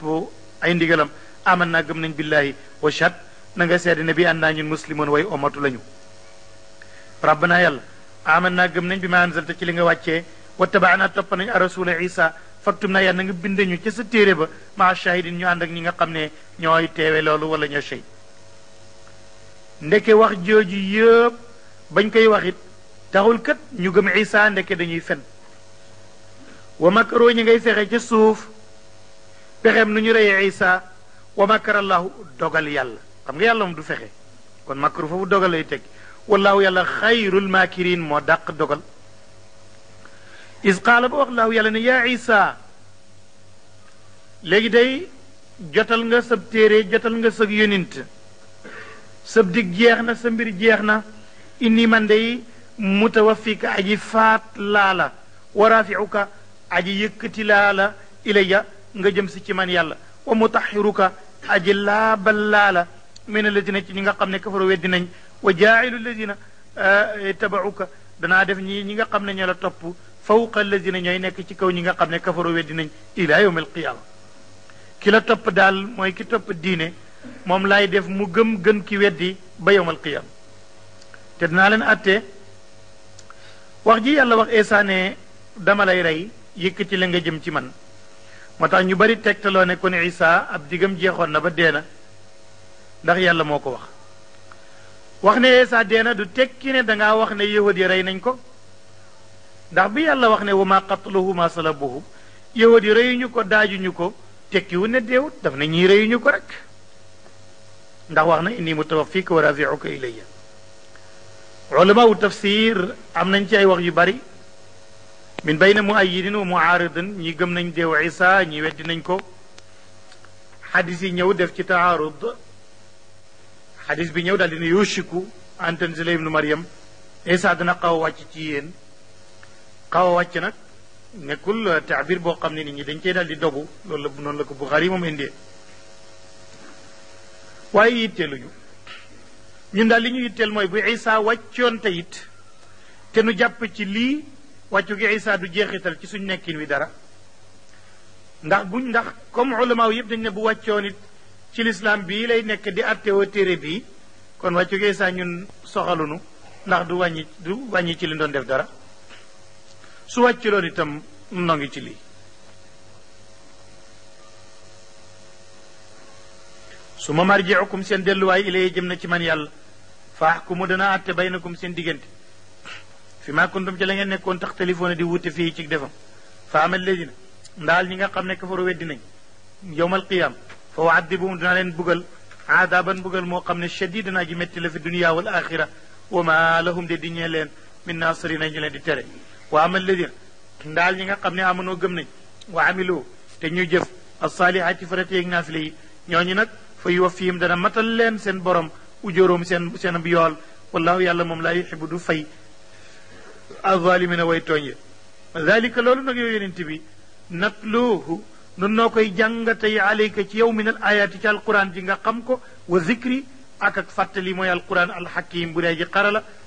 ay ndigalam aman naa gëm nañ billahi wa shahad na nga ne bi an naa ñun muslimoon way omatu lañu naa yàlla aman naa gëm nañ bi ma anzalta ci li nga wàccee wa tabaana topp nañu arasula isa faktum naa yàlla na nga binde ñu ca sa téere ba maa shahidin ñu ànd ak ñi nga xam ne ñooy teewe loolu wala ñoo sey ndeke wax jooju yëpp bañ koy wax it taxul kat ñu gëm isa ndeke dañuy fen wa makaro ñi ngay fexe ca suuf pexem nu ñu reyee isa wa makarallahu dogal yàlla xam nga yàlla moom du fexe kon makru foofu dogal lay teg wallahu yàlla xayrul maakirin moo dàq dogal is qaala ba wax laahu yàlla ne yaa isa léegi day jotal nga sab téere jotal nga sab yonint sab dig jeex na sa mbir jeex na indi man day mutawaffika aji faat laa la wa rafiuka aji yëkkati laa la ilayya nga jëm si ci man yàlla wa mutaxiruka aji laabal laa la min alladina ci ñi nga xam ne kafaru weddi nañ wa jaacilu alladina eh, tabauka danaa def ñi ñi nga xam ne ñoo la topp fawqa alladina ñooy nekk ci kaw ñi nga xam ne kafaru weddi nañ ila yawm alqiyaama ki la topp daal mooy ki topp diine moom laay def mu gëm gën ki weddi ba yawm alqiyaama te dinaa leen attee wax ji yàlla wax eesa ne dama lay rey yëkkati la nga jëm ci man moo tax ñu bari tegtaloo ne kon Isa ab digam jeexoon na ba dee ndax yàlla moo ko wax wax ne Isa dee du tekki ne danga wax ne yahud yi rey nañ ko ndax bi yàlla wax ne wa ma qatluhu ma salabuhu yahud yi reyuñu ko daajuñu ko tekkiwu ne deewut daf na ñii reyuñu ko rek ndax wax na inni mutawaffika wa rafiuka ilayya ulamaau tafsir am nañ ci ay wax yu bari min bayna muayyidin wa muaaridin ñi gëm nañ deew isa ñi weddi nañ ko xadis yi ñëw def ci taarud xadis bi ñëw daal dina yushiku an tanzila ibnu mariam isa dina xaw a wàcc ci yéen xaw a wàcc nag nekkul taabir boo xam ne nit ñi dañ cey daal di dogu loolu la noonu la ko buxaari moom indee waaye yitteeluñu ñun daal li ñu yitteel mooy bu isa wàccoon te it te jàpp ci lii wàccu gi isa du jeexital ci suñu nekkin wi dara ndax bu ndax comme ulama yëpp dañ ne bu wàccoon it ci lislaam bii lay nekk di attewoo téere bii kon wàccu gi isa ñun soxalunu ndax du wàññi du wàññi ci li doon def dara su wàcculoon itam noo ci lii su ma marjiukum seen delluwaay ilay jëm na ci man yàlla faax ku mu dana na baynakum seen diggante فيما كنتم جلنا نكون تختلفون دي وتي في تيك ديفا فام الذين دال نيغا خامني كفروا ود ناي يوم القيامه فوعذبهم دنا لين بوغل عذابا بوغل مو خامني شديد نا جي متي في الدنيا والاخره وما لهم دي دنيا لين من ناصرين ني لين دي تري وام الذين دال نيغا خامني امنو گم ناي وعملوا تي ني جيف الصالحات فرتي نافلي ньоñ nak fa yuwaffihim dana matal len sen borom ujurum sen sen biol wallahu yalla mom la yuhibbu du fay azalimina way tooñ ya dalika loolu noo koy jàngatey alayka ci yow min al ayaati ci alquran ji nga xam ko wa zikri ak ak mooy alquran alxakim bu dee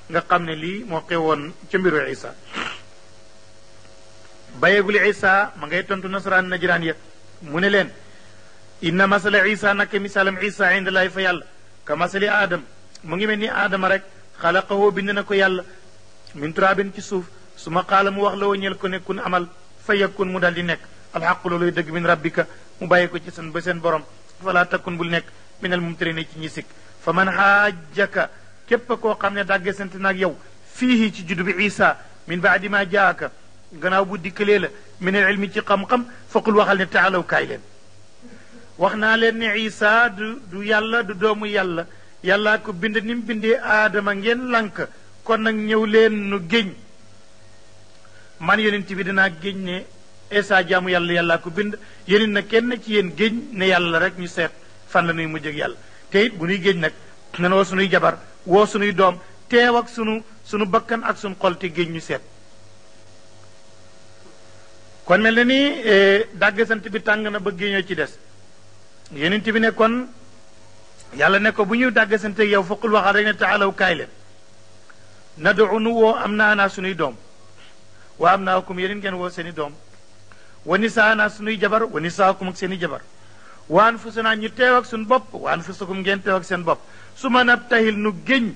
nga xam ne lii moo xewoon ca mbiru isa bayeegul isa ma ngay tontu nasaraan najiraan ya mu ne leen inna masala isa naka misaalam isa inda fa yàlla ka masali aadam mu ngi ni aadama rek xalaqahu bind na ko yàlla من ترابن كي سوف سما قال مو واخ لا ونيل كو نيكون عمل فيكون مو دالدي نيك الحق لولوي دغ من ربك مو بايكو سي سن با سن بروم فلا تكون بول نيك من الممترين كي نيسك فمن حاجك كيب كو خامني داغي سنت ناك يو فيه تي جود عيسى من بعد ما جاك غناو بودي كليل من العلم تي قم قم فقل واخال ني تعالو كايلن واخنا لين عيسى دو يالا دو دومو يالا يالا كو بند نيم بندي ادم لانك kon nag ñëw leen nu géñ man yonent bi dinaa géñ ne Isa jaamu yàlla yàllaa ko bind yéen na kenn ci yéen géñ ne yàlla rek ñu seet fan la nuy mujj yàlla te it bu nuy géej nag nan woo sunuy jabar woo sunuy doom teew ak sunu sunu bakkan ak sunu xol te géej ñu seet kon mel na ni e, dàgg sant bi tàng na ba géeñoo ci des yonent bi ne kon yàlla ne ko bu ñuy dàgg sant yow fukkul waxal rek ne taalaw kaay leen nad'u nu woo am naanaa sunuy doom wa am naakum yeneen ngeen woo seeni i doom wa nisaanaa sunuy jabar wa nisaakum ak seen i jabar wa anfusanaa ñu teew ak suñu bopp wa anfusakum ngeen teew ak seen bopp su ma nabtahil nu géñ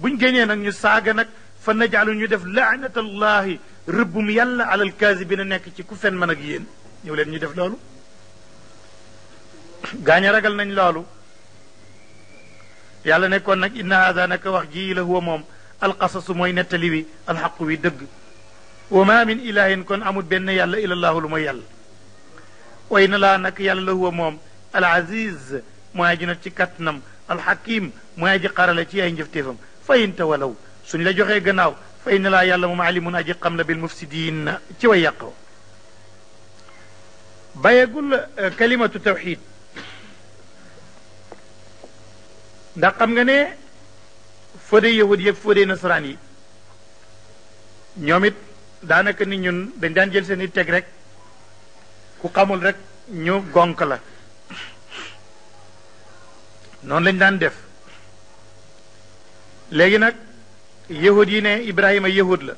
buñ géñee nag ñu saaga nag fa najaalu ñu def laanatallahi rëbbum yàlla alal kaasibina nekk ci ku fen mën ak yéen ñëw leen ñu def loolu gaañ ragal nañ loolu yàlla nekkoon nag inna haada naka wax ji la huwa moom القصص موي نتلي الحق وي دغ وما من اله كن امود بن يالا الا الله لما يال وين لا نك يالا هو موم العزيز موي جنا تي كاتنم الحكيم موي جي قارلا تي اي نجفتيفم فاين تولو سن لا جوخي غناو فاين لا يالا موم علي من اجي قمل بالمفسدين تي وي يقو بايغول آه، كلمه التوحيد دا خمغني fode yahud yeeg fode nasaraan yi ñoom it daanaka ni ñun dañ daan jël seen i teg rek ku xamul rek ñu gonk la noonu lañ daan def léegi nag yahud yi ne Ibrahima yahud la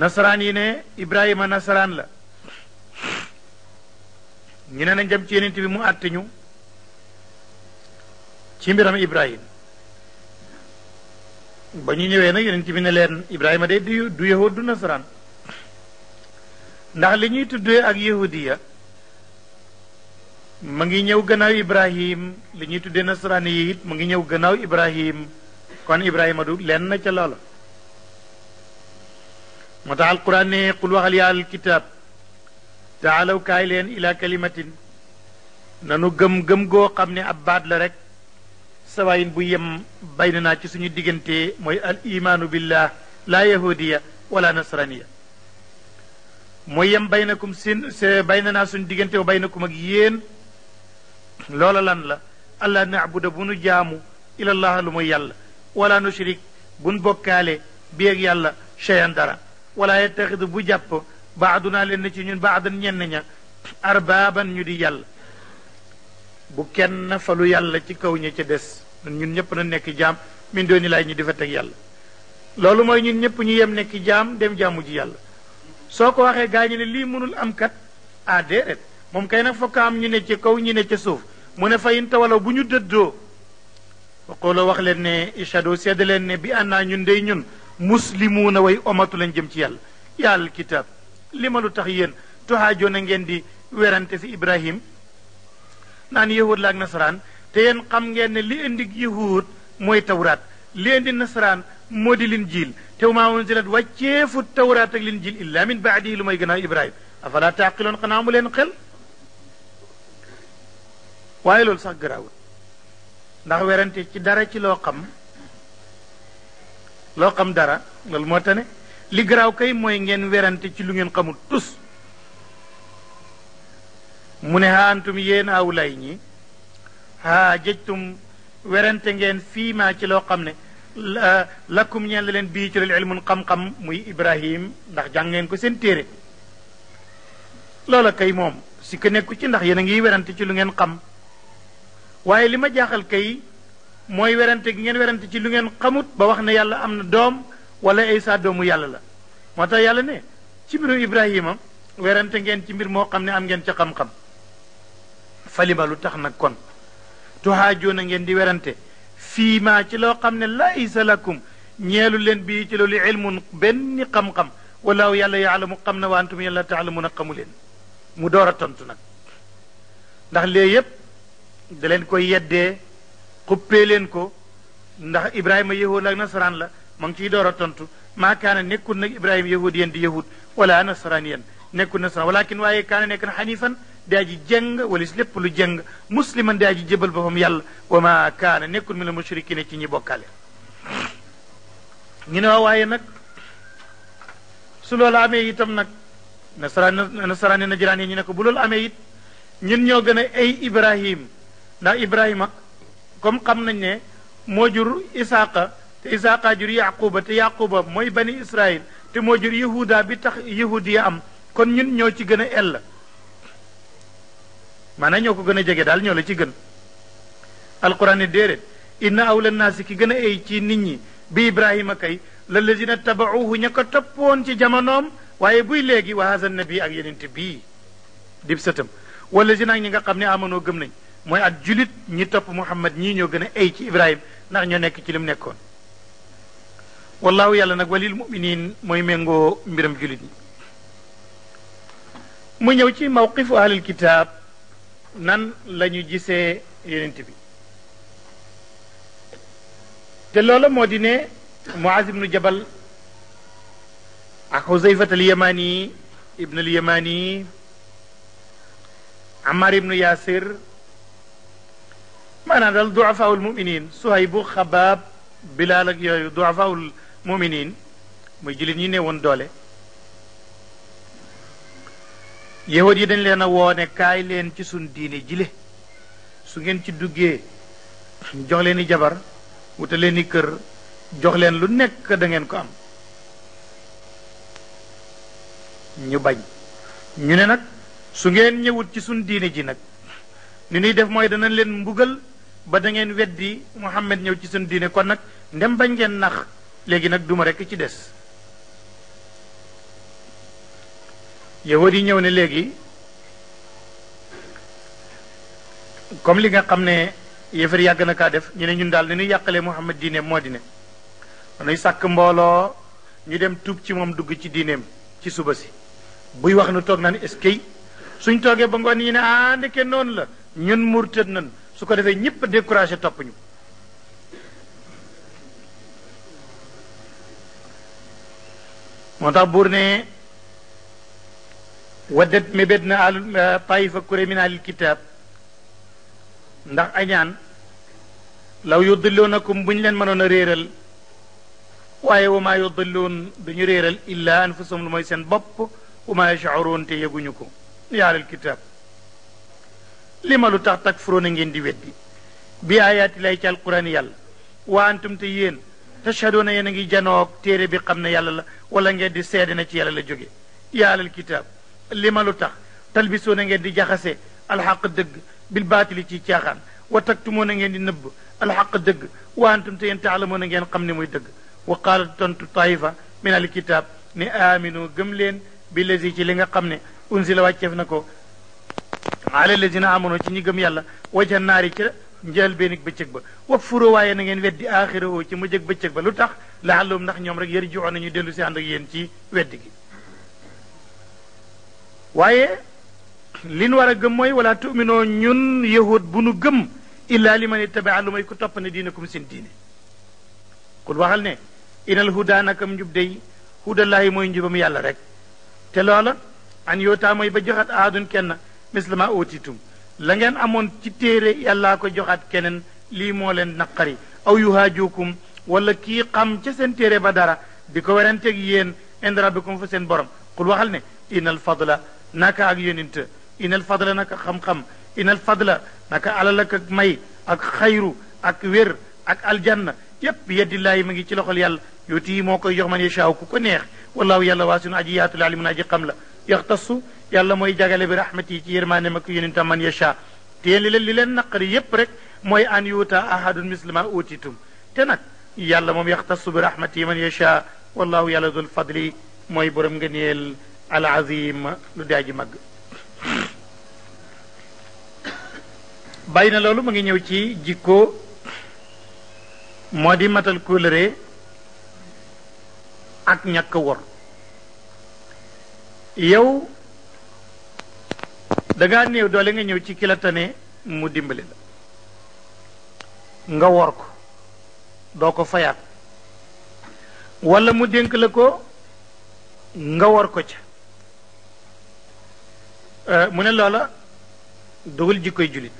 nasaraan yi ne Ibrahima nasaraan la ñu ne nañ dem ci yenent bi mu àtt ñu ci mbiram Ibrahima ba ñu nak nag yonent bi ne leen ibrahima de du du nasran du ndax li ñuy tuddé ak yahudiya ma ngi ñëw gënaaw ibrahim li ñuy tuddé nasaraan yi it ngi ñëw gënaaw ibrahim kon ibrahima du lenn na ca loola moo tax alquran ne qul wa hal kitab ta'alu ila kalimatin nanu gëm gëm go, xam abbad la rek sawaayin bu yem bayna naa ci suñu diggante mooy al imaanu billah laa yahudiya wala nasraniya mooy yem baynakum sin bayna naa suñu diggante wa baynakum ak yéen loola lan la allah naabuda bu nu jaamu ilallah lu muy yàlla wala nushrik bun bokkaale bi yàlla cheyan dara walaa yettaxidu bu jàpp baadunaa leen na ci ñun baadan ñenn arbaaban ñu di yàlla bu kenn falu yàlla ci kaw ñi ca des ñun ñëpp na nekk jaam min dooni laay ñu di fa teg yàlla loolu mooy ñun ñëpp ñu yem nekk jaam dem jaamu ji yàlla soo ko waxee gaa ñu ne lii mënul amkat kat ah, moom kay nag fokk am ñu ne ca kaw ñi ne ca suuf mu ne fayin tawalaw bu ñu dëddoo waqooloo wax leen ne ishado sedd leen ne bi annaa ñun day ñun muslimuuna way omatu lañ jëm ci yàlla yàlla kitaab li ma lu tax yéen toxaajoon na ngeen di werante fi Ibrahim naan yahuud la ak nasaraan te yéen xam ngeen ne li indi yahuud mooy tawraat li indi nasaraan moo di linjiil te maa unzilat wàcceefu tawraat ak linjiil illaa min baadihi lu may gannaaw Ibrahima afalaa taaqiloon xanaa amu leen xel waaye loolu sax garaawul ndax werante ci dara ci loo xam loo xam dara loolu moo tax li garaaw kay mooy ngeen werante ci lu ngeen xamul tus mune ha antum yéen awlay ñi ha jëjtum werante ngeen fi ma ci loo xam ne lakum ñeen la leen bii ci loolu ilmun xam-xam muy ibrahim ndax jàng ngeen ko seen téere loola kay moom si ka nekku ci ndax yéen a ngi werante ci lu ngeen xam waaye li ma jaaxal kay mooy werante gi ngeen werante ci lu ngeen xamut ba wax ne yàlla am na doom wala ay saa doomu yàlla la moo tax yàlla ne ci mbiru ibrahima werante ngeen ci mbir moo xam ne am ngeen ca xam-xam falima lu tax nag kon tuxaajoona ngeen di werante fii maa ci loo xam ne laysa lakum ñeelu leen bii ci loolu ilmun benn xam-xam walaaw yàlla yaalamu xam na wa antum yàlla taalamuuna xamu leen mu door a tontu nag ndax lee yépp da leen ko yeddee xuppee leen ko ndax ibrahima yahud ak nasaraan la ma ngi ciy door a tontu maa kaana nekkul nag ibrahima yahud yéen di yahud wala nasaraan yéen nekkul nasaraan walakin waaye kaana nekk na xanifan daa ji jëng wala lépp lu jëng musliman daa ji jébal boppam yàlla wa ma kaana nekkul mi la mushrikina ci ñi bokkale ñu ne waaye nag su loolu amee itam nag nasaraan nasaraani najiraan yi ñu ne ko bu loolu amee it ñun ñoo gën a ay ibrahim ndax ibrahima comme xam nañ ne moo jur isaaqa te isaaqa jur yaquba te yaquba mooy bani israil te moo jur yahuda bi tax yahudiya am kon ñun ñoo ci gën a ell maanaam ñoo ko gën a jege daal ñoo la ci gën alquran ne déedéet inna awla naasi gën a ay ci nit ñi bi ibrahima kay la lazina tabauhu ña ko toppoon ci jamonoom waaye buy léegi wa haza ak yenente bi dib sëtam wala si nag ñi nga xam ne amanoo gëm nañ mooy at julit ñi topp muhammad ñii ñoo gën a ay ci ibrahim ndax ñoo nekk ci li mu nekkoon wallahu yàlla nag walil muminin mooy méngoo mbiram julit mu ñëw ci mawqifu ahlil kitab nan lañu ñu gisee yonent bi te loola moo di ne Muaz ibnu Jabal ak Xusayfat al Yamani ibn al Yamani Ammar ibnu Yasir maanaam daal duafaawul muminin Suhaybu Xabaab Bilaal ak yooyu duafaawul muminin muy jullit ñi ne woon doole yahud yi dañ leen a woone kaay leen ci suñu diine jile su ngeen ci duggee jox leen i jabar wuta leen i kër jox leen lu nekk dangeen ko am ñu bañ ñu ne nag su ngeen ñëwut ci suñ diine ji nag ni ñuy def mooy danañ leen mbugal ba da ngeen weddi Muhammad ñëw ci suñ diine kon nag ndem bañ ngeen nax léegi nag duma rekk ci des yahud yi ñëw ne léegi comme li nga xam ne yëfar yàgg na kaa def ñu ne ñun daal ni ñuy yàqalee Muhammad diine moo di ne dañuy sàkk mbooloo ñu dem tuub ci moom dugg ci diineem ci suba si buy wax nu toog naan est-ce suñ toogee ba ngoon ñu ne ah ndeke noonu la ñun murtad na su ko defee ñëpp découragé topp ñu moo tax buur ne waddat mébét na al eh, taifa kuré min alil kitaab ndax añaan law yudilluunakum bu ñu leen mënoon a réeral waaye wa maa yudilluun duñu réeral illa anfusum lu mooy seen bopp wa maa yashcuruun te yëguñu ko yaa alil kitaab li ma tax takfuroon a ngeen di weddi bi ayaati lay ci alquran yàlla wa antum te yéen tashhaduuna yéen a ngi janoog téere bi xam na yàlla la wala ngeen di seede na ci yàlla la jóge yaa alal kitaab li ma lu tax talbisoo na ngeen di jaxase alxaq dëgg bil baatili ci caaxaan wa taktumoo na ngeen di nëbb alxaq dëgg wa antum te yéen taalamoo na ngeen xam ne muy dëgg wa qaalat tontu taifa min alkitab ne aaminu gëm leen bi lazi ci li nga xam ne unzila wàcceef na ko ala lazina amono ci ñu gëm yàlla waja naari ca njël beenig bëccëg ba wa furo waaye na ngeen weddi aaxira oo ci mujjëg bëccëg ba lu tax laallum ndax ñoom rek yërjuwoon nañu dellu si ànd ak yéen ci weddi gi waaye li nu war a gëm mooy wala tuminoo ñun yahud bu nu gëm illa li man ittabaa lu may ku topp ne diinakum seen diine kon waxal ne inal huda nakam njub day hudallaahi moy njubam yàlla rek te loola an yootaa mooy ba joxaat ahadun kenn mislama ootitum la ngeen amoon ci téere yàllaa ko joxaat keneen lii moo leen naqari aw yuhaajukum wala kii xam ca seen téere ba dara di ko weranteeg yéen inda rabbikum fa seen borom qul waxal ne inal fadla naka ak yonent inal fadla naka xam-xam inal fadla naka alal ak may ak xayru ak wér ak aljanna yépp bi yeddillahi ma ngi ci loxo yàlla yootii moo ko yox man yashaaw ku ko neex wallaahu yàlla waa sunu aji yaatul alimun aji xam la yaxtasu yàlla mooy jagale bi rahmati ci yërmaane ma ko man yashaa te li leen li leen yépp rek mooy an yuuta ahadun mislima utitum te nag yàlla moom yaxtasu bi rahmati man yashaa wallaahu yàlla dul fadli mooy borom ngëneel al azim lu daa ji màgg bàyyi na loolu mu ngi ñëw ci jikko moo di matal kóllëre ak ñakk wor yow dangaa néew doole nga ñëw ci kilo tane mu dimbali la nga wor ko doo ko fayaat walla mu dénk la ko nga wor ko ca Eh, mu ne loola dugul jikkoy jullit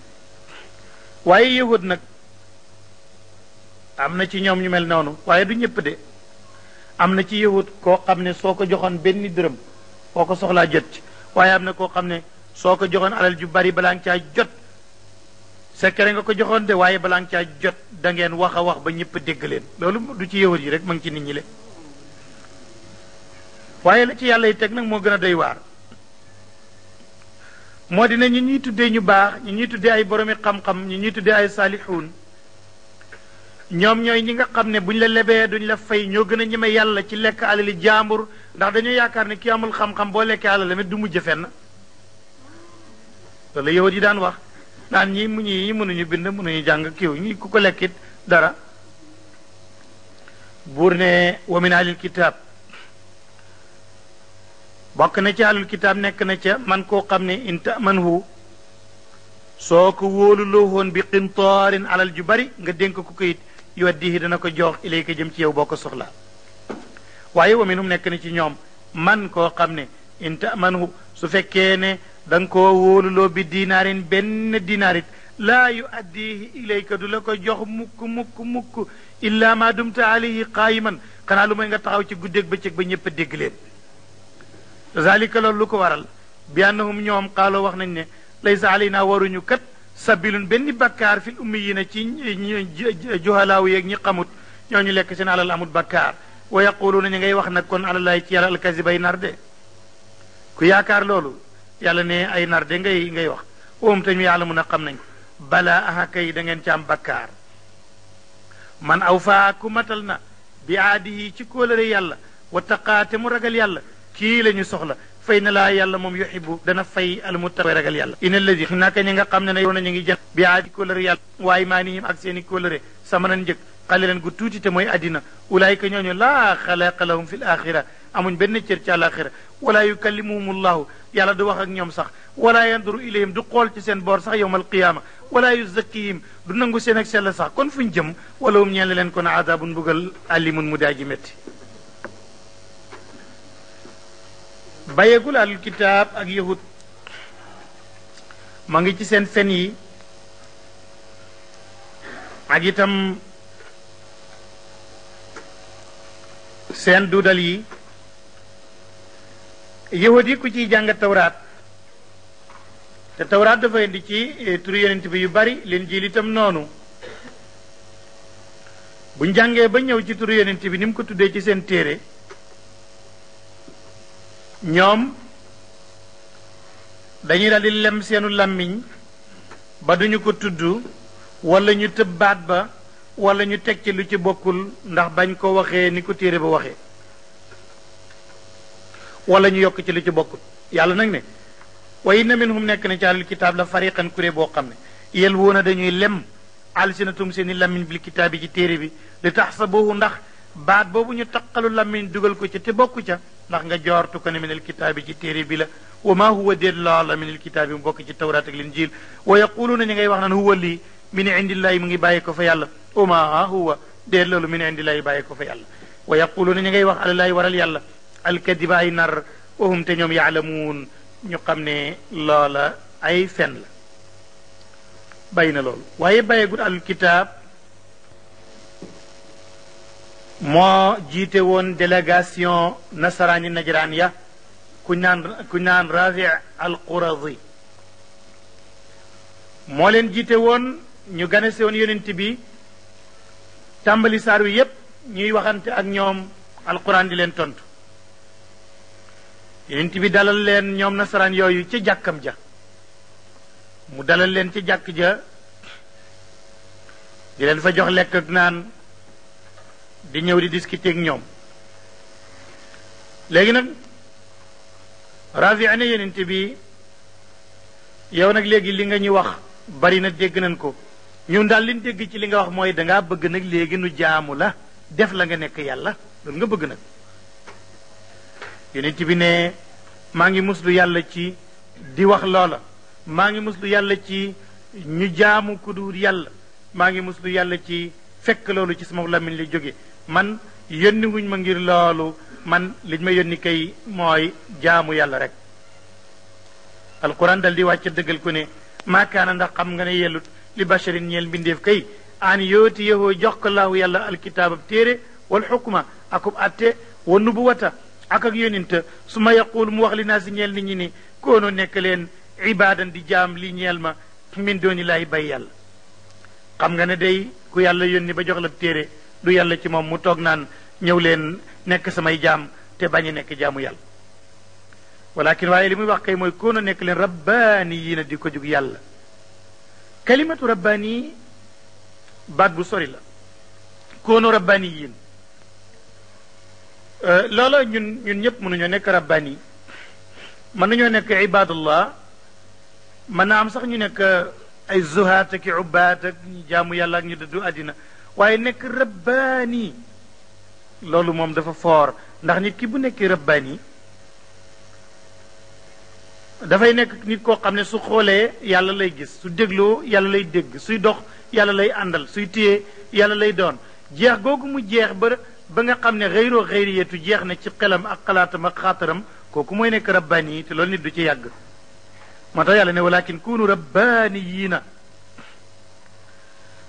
waaye yahud nag am na ci ñoom ñu mel noonu waaye du ñëpp de am na ci yahud koo xam ne soo ko joxoon benn dërëm boo ko soxlaa jot ci waaye am na koo xam ne soo ko joxoon alal ju bari balaa nga caa jot sekkere nga ko joxoon de waaye balaa nga caa jot da ngeen wax a ba ñëpp dégg leen loolu du ci yahud yi rek ma ngi ci nit ñi le waaye la ci yàlla yi teg nag moo gën a doy waar moo di ne ñuy tuddee ñu baax ñi ñuy tuddee ay boromi xam-xam ñi ñuy tuddee ay saalixuun ñoom ñooy ñi nga xam ne buñ la lebee duñ la fay ñoo gën a ñeme yàlla ci lekk alali jaambur ndax dañoo yaakaar ne ki amul xam-xam boo lekkee alal mit du mujj fenn loolu yahud yi daan wax naan ñi mu ñi mënuñu bind mënuñu jàng kiw ñu ku ko lekkit dara buur ne wa kitaab bokk na ci àllul kitaab nekk na ca man koo xam ne in tamanhu soo ko wóoluloo woon bi qintaarin alal ju bari nga dénk ko ko it yuwaddihi dana ko jox ilayka jëm ci yow boo ko soxlaa waaye wa minhum nekk na ci ñoom man koo xam ne in tamanhu su fekkee ne da nga wóoluloo bi dinaarin benn dinaarit laa yuaddihi ilayka du la ko jox mukk mukk mukk illa ma dumta alayhi man xanaa lu may nga taxaw ci guddeeg bëccëg ba ñëpp a dégg leen zalika loolu lu ko waral bi annahum ñoom xaaloo wax nañ ne laysa na waruñu kat sabilun benn bakkaar fil ummiyina ci juhalaawu yeeg ñi xamut ñooñu lekk seen alal amut bakkaar wa na ñu ngay wax nag kon alalaay ci yàlla alkasibay narde ku yaakaar loolu yàlla ne ay narde ngay ngay wax oom tañu yàlla mun a xam nañ ko balaa aha kay da ngeen ci am bakkaar man aw faa matal na bi aadi yi ci kóolëre yàlla wa taqaate mu ragal yàlla ki lañu soxla fayna la yàlla mom yuhibbu dana fay almuttaqa ragal yàlla in alladi naka ñi nga xam ne ne yoon ñu ngi jën bi aadi kóllëre yàlla way maani nihim ak seeni ko leer sama nañ jëk qalilan gu tuuti te moy adina àddina ka ñooñu la khalaq lahum fil akhirah amuñ benn ciir ci al akhirah wala yukallimuhum allah yàlla du wax ak ñom sax wala yanduru ilayhim du xol ci seen bor sax yowmal qiyamah wala yuzakkihim du nangu seen ak sel sax kon fuñ jëm wala um ñeen leen kon adabun bugal alimun mu métti bàyyeegul alul kitaab ak yahud ma ngi ci seen fen yi ak itam seen duudal yi yahud yi ku ciy jàng tawraat te tawraat dafa indi ci e, turu bi yu bari leen ji itam noonu buñ jàngee ba ñëw ci turu yonent bi ni mu ko tuddee ci seen téere ñoom dañuy daldi lem seenu làmmiñ ba duñu ko tudd walla ñu tëb baat ba walla ñu teg ci lu ci bokkul ndax bañ koo waxee ni ko téere ba waxee walla ñu yokk ci lu ci bokkul yàlla nag ne wa inna minhum nekk na ci ahlul kitaab la fariqan kuré boo xam ne yel woon a dañuy lem na alsinatum seeni làmmiñ bil kitaabi ci téere bi li tax sa boobu ndax baat boobu ñu taqalu làmmiñ dugal ko ca te bokku ca ndax nga joortu ko ne minal kitaabi ci téere bi la wa maa huwa déet loola minal kitaabi mu bokk ci tawraat ak linjiil wa yaquluuna ñi ngay wax naan huwa lii min indillahi mu ngi bàyyi ko fa yàlla wa maa huwa déet loolu min indillahi bàyyi ko fa yàlla wa yaquluuna ñi ngay wax alallaahi waral yàlla alkadiba ay nar wa hum te ñoom yaalamuun ñu xam ne loola ay fen la bàyyi na loolu waaye bàyyeegul alkitaab moo jiite woon nasaraan nasaraani najraan ya kuñ naan ku naan rafi al qurazi moo leen jiite woon ñu ganase woon yonent bi tàmbali saar wi yépp ñuy waxante ak ñoom alquran di leen tontu yonent bi dalal leen ñoom nasaraan yooyu ci jàkkam ja mu dalal leen ci jàkk ja di leen fa jox lekk ak naan di ñëw di discuter ak ñoom léegi nag Raafiya ne yonent bi yow nag léegi li nga ñu wax bari na dégg nañ ko ñun daal li dégg ci li nga wax mooy dangaa bëgg nag léegi nu jaamu la def la nga nekk yàlla loolu nga bëgg nag yonent bi ne maa ngi muslu yàlla ci di wax loola maa ngi muslu yàlla ci ñu jaamu ku yàlla maa ngi muslu yàlla ci fekk loolu ci sama làmmiñ lay jóge man yónni wuñ ma ngir loolu man liñ ma yónni kay mooy jaamu yàlla rek alquran dal di wàcc dëggal ku ne maakaana ndax xam nga ne yellut li basharin ñeel mbindeef kay an yooti yowoo jox ko laahu yàlla alkitaab ab téere wal xukma akub atte wa nubuwata ak ak yóninta su ma yaquul mu wax li naa ñeel nit ñi ni koonoo nekk leen ibaadan di jaam li ñeel ma min dooni laay bay yàlla xam nga ne day ku yàlla yónni ba jox la téere lu yàlla ci moom mu toog naan ñëw leen nekk samay jaam te bañ nekk jaamu yàlla walakin waaye li muy wax kay mooy koon a nekk leen rabbaani yi na di ko jóg yàlla kalimatu rabbaani baat bu sori la koonu rabbaani yiin euh, loola ñun ñun ñëpp mënuñoo nekk rabbaani mën nañoo nekk ibadullah mën naa sax ñu nekk ay zuhaat ak i jaamu yàlla ak ñu dëddu àddina waaye nekk rëbbaani loolu moom dafa foor ndax nit kii bu nekkee rëbbaani dafay nekk nit koo xam ne su xoolee yàlla lay gis su dégloo yàlla lay dégg suy dox yàlla lay àndal suy téye yàlla lay doon jeex googu mu jeex ba ba nga xam ne xëyroo xëyriyatu jeex na ci xelam ak xalaatam ak xaataram kooku mooy nekk rabbaani yi te loolu nit du ci yàgg moo tax yàlla ne walakin kunu rabbaani yii na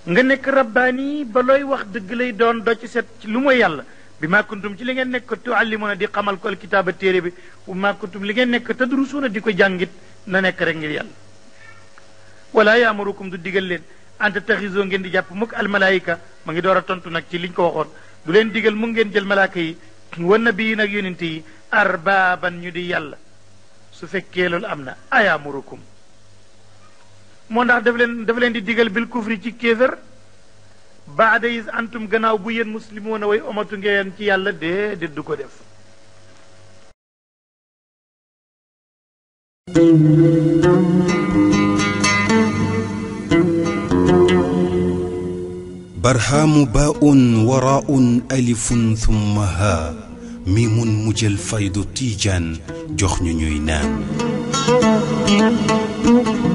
nga nekk rabbaani ba looy wax dëgg lay doon doo ci set lu mooy yàlla bi maa kuntum ci li ngeen nekk tuallimuna di xamal ko alkitaaba téere bi bu maa kuntum li ngeen nekk tadrusuuna di ko jàngit na nekk rek ngir yàlla wala yaamurukum du digal leen anta taxisoo ngeen di jàpp mukk almalaayika ma ngi door a tontu nag ci liñ ko waxoon du leen digal mu ngeen jël malaaka yi wa nabi yi nag yonente yi arbaaban ñu di yàlla su fekkee lool am na ayaamurukum moo ndax daf leen daf leen di digal bil kufri ci kéefër baada is antum gannaaw bu yéen muslimoona way omatu ngeen ci yàlla déedéet du ko def برهام باء وراء ألف ثم ها ميم مجل فيض تيجان جخن نام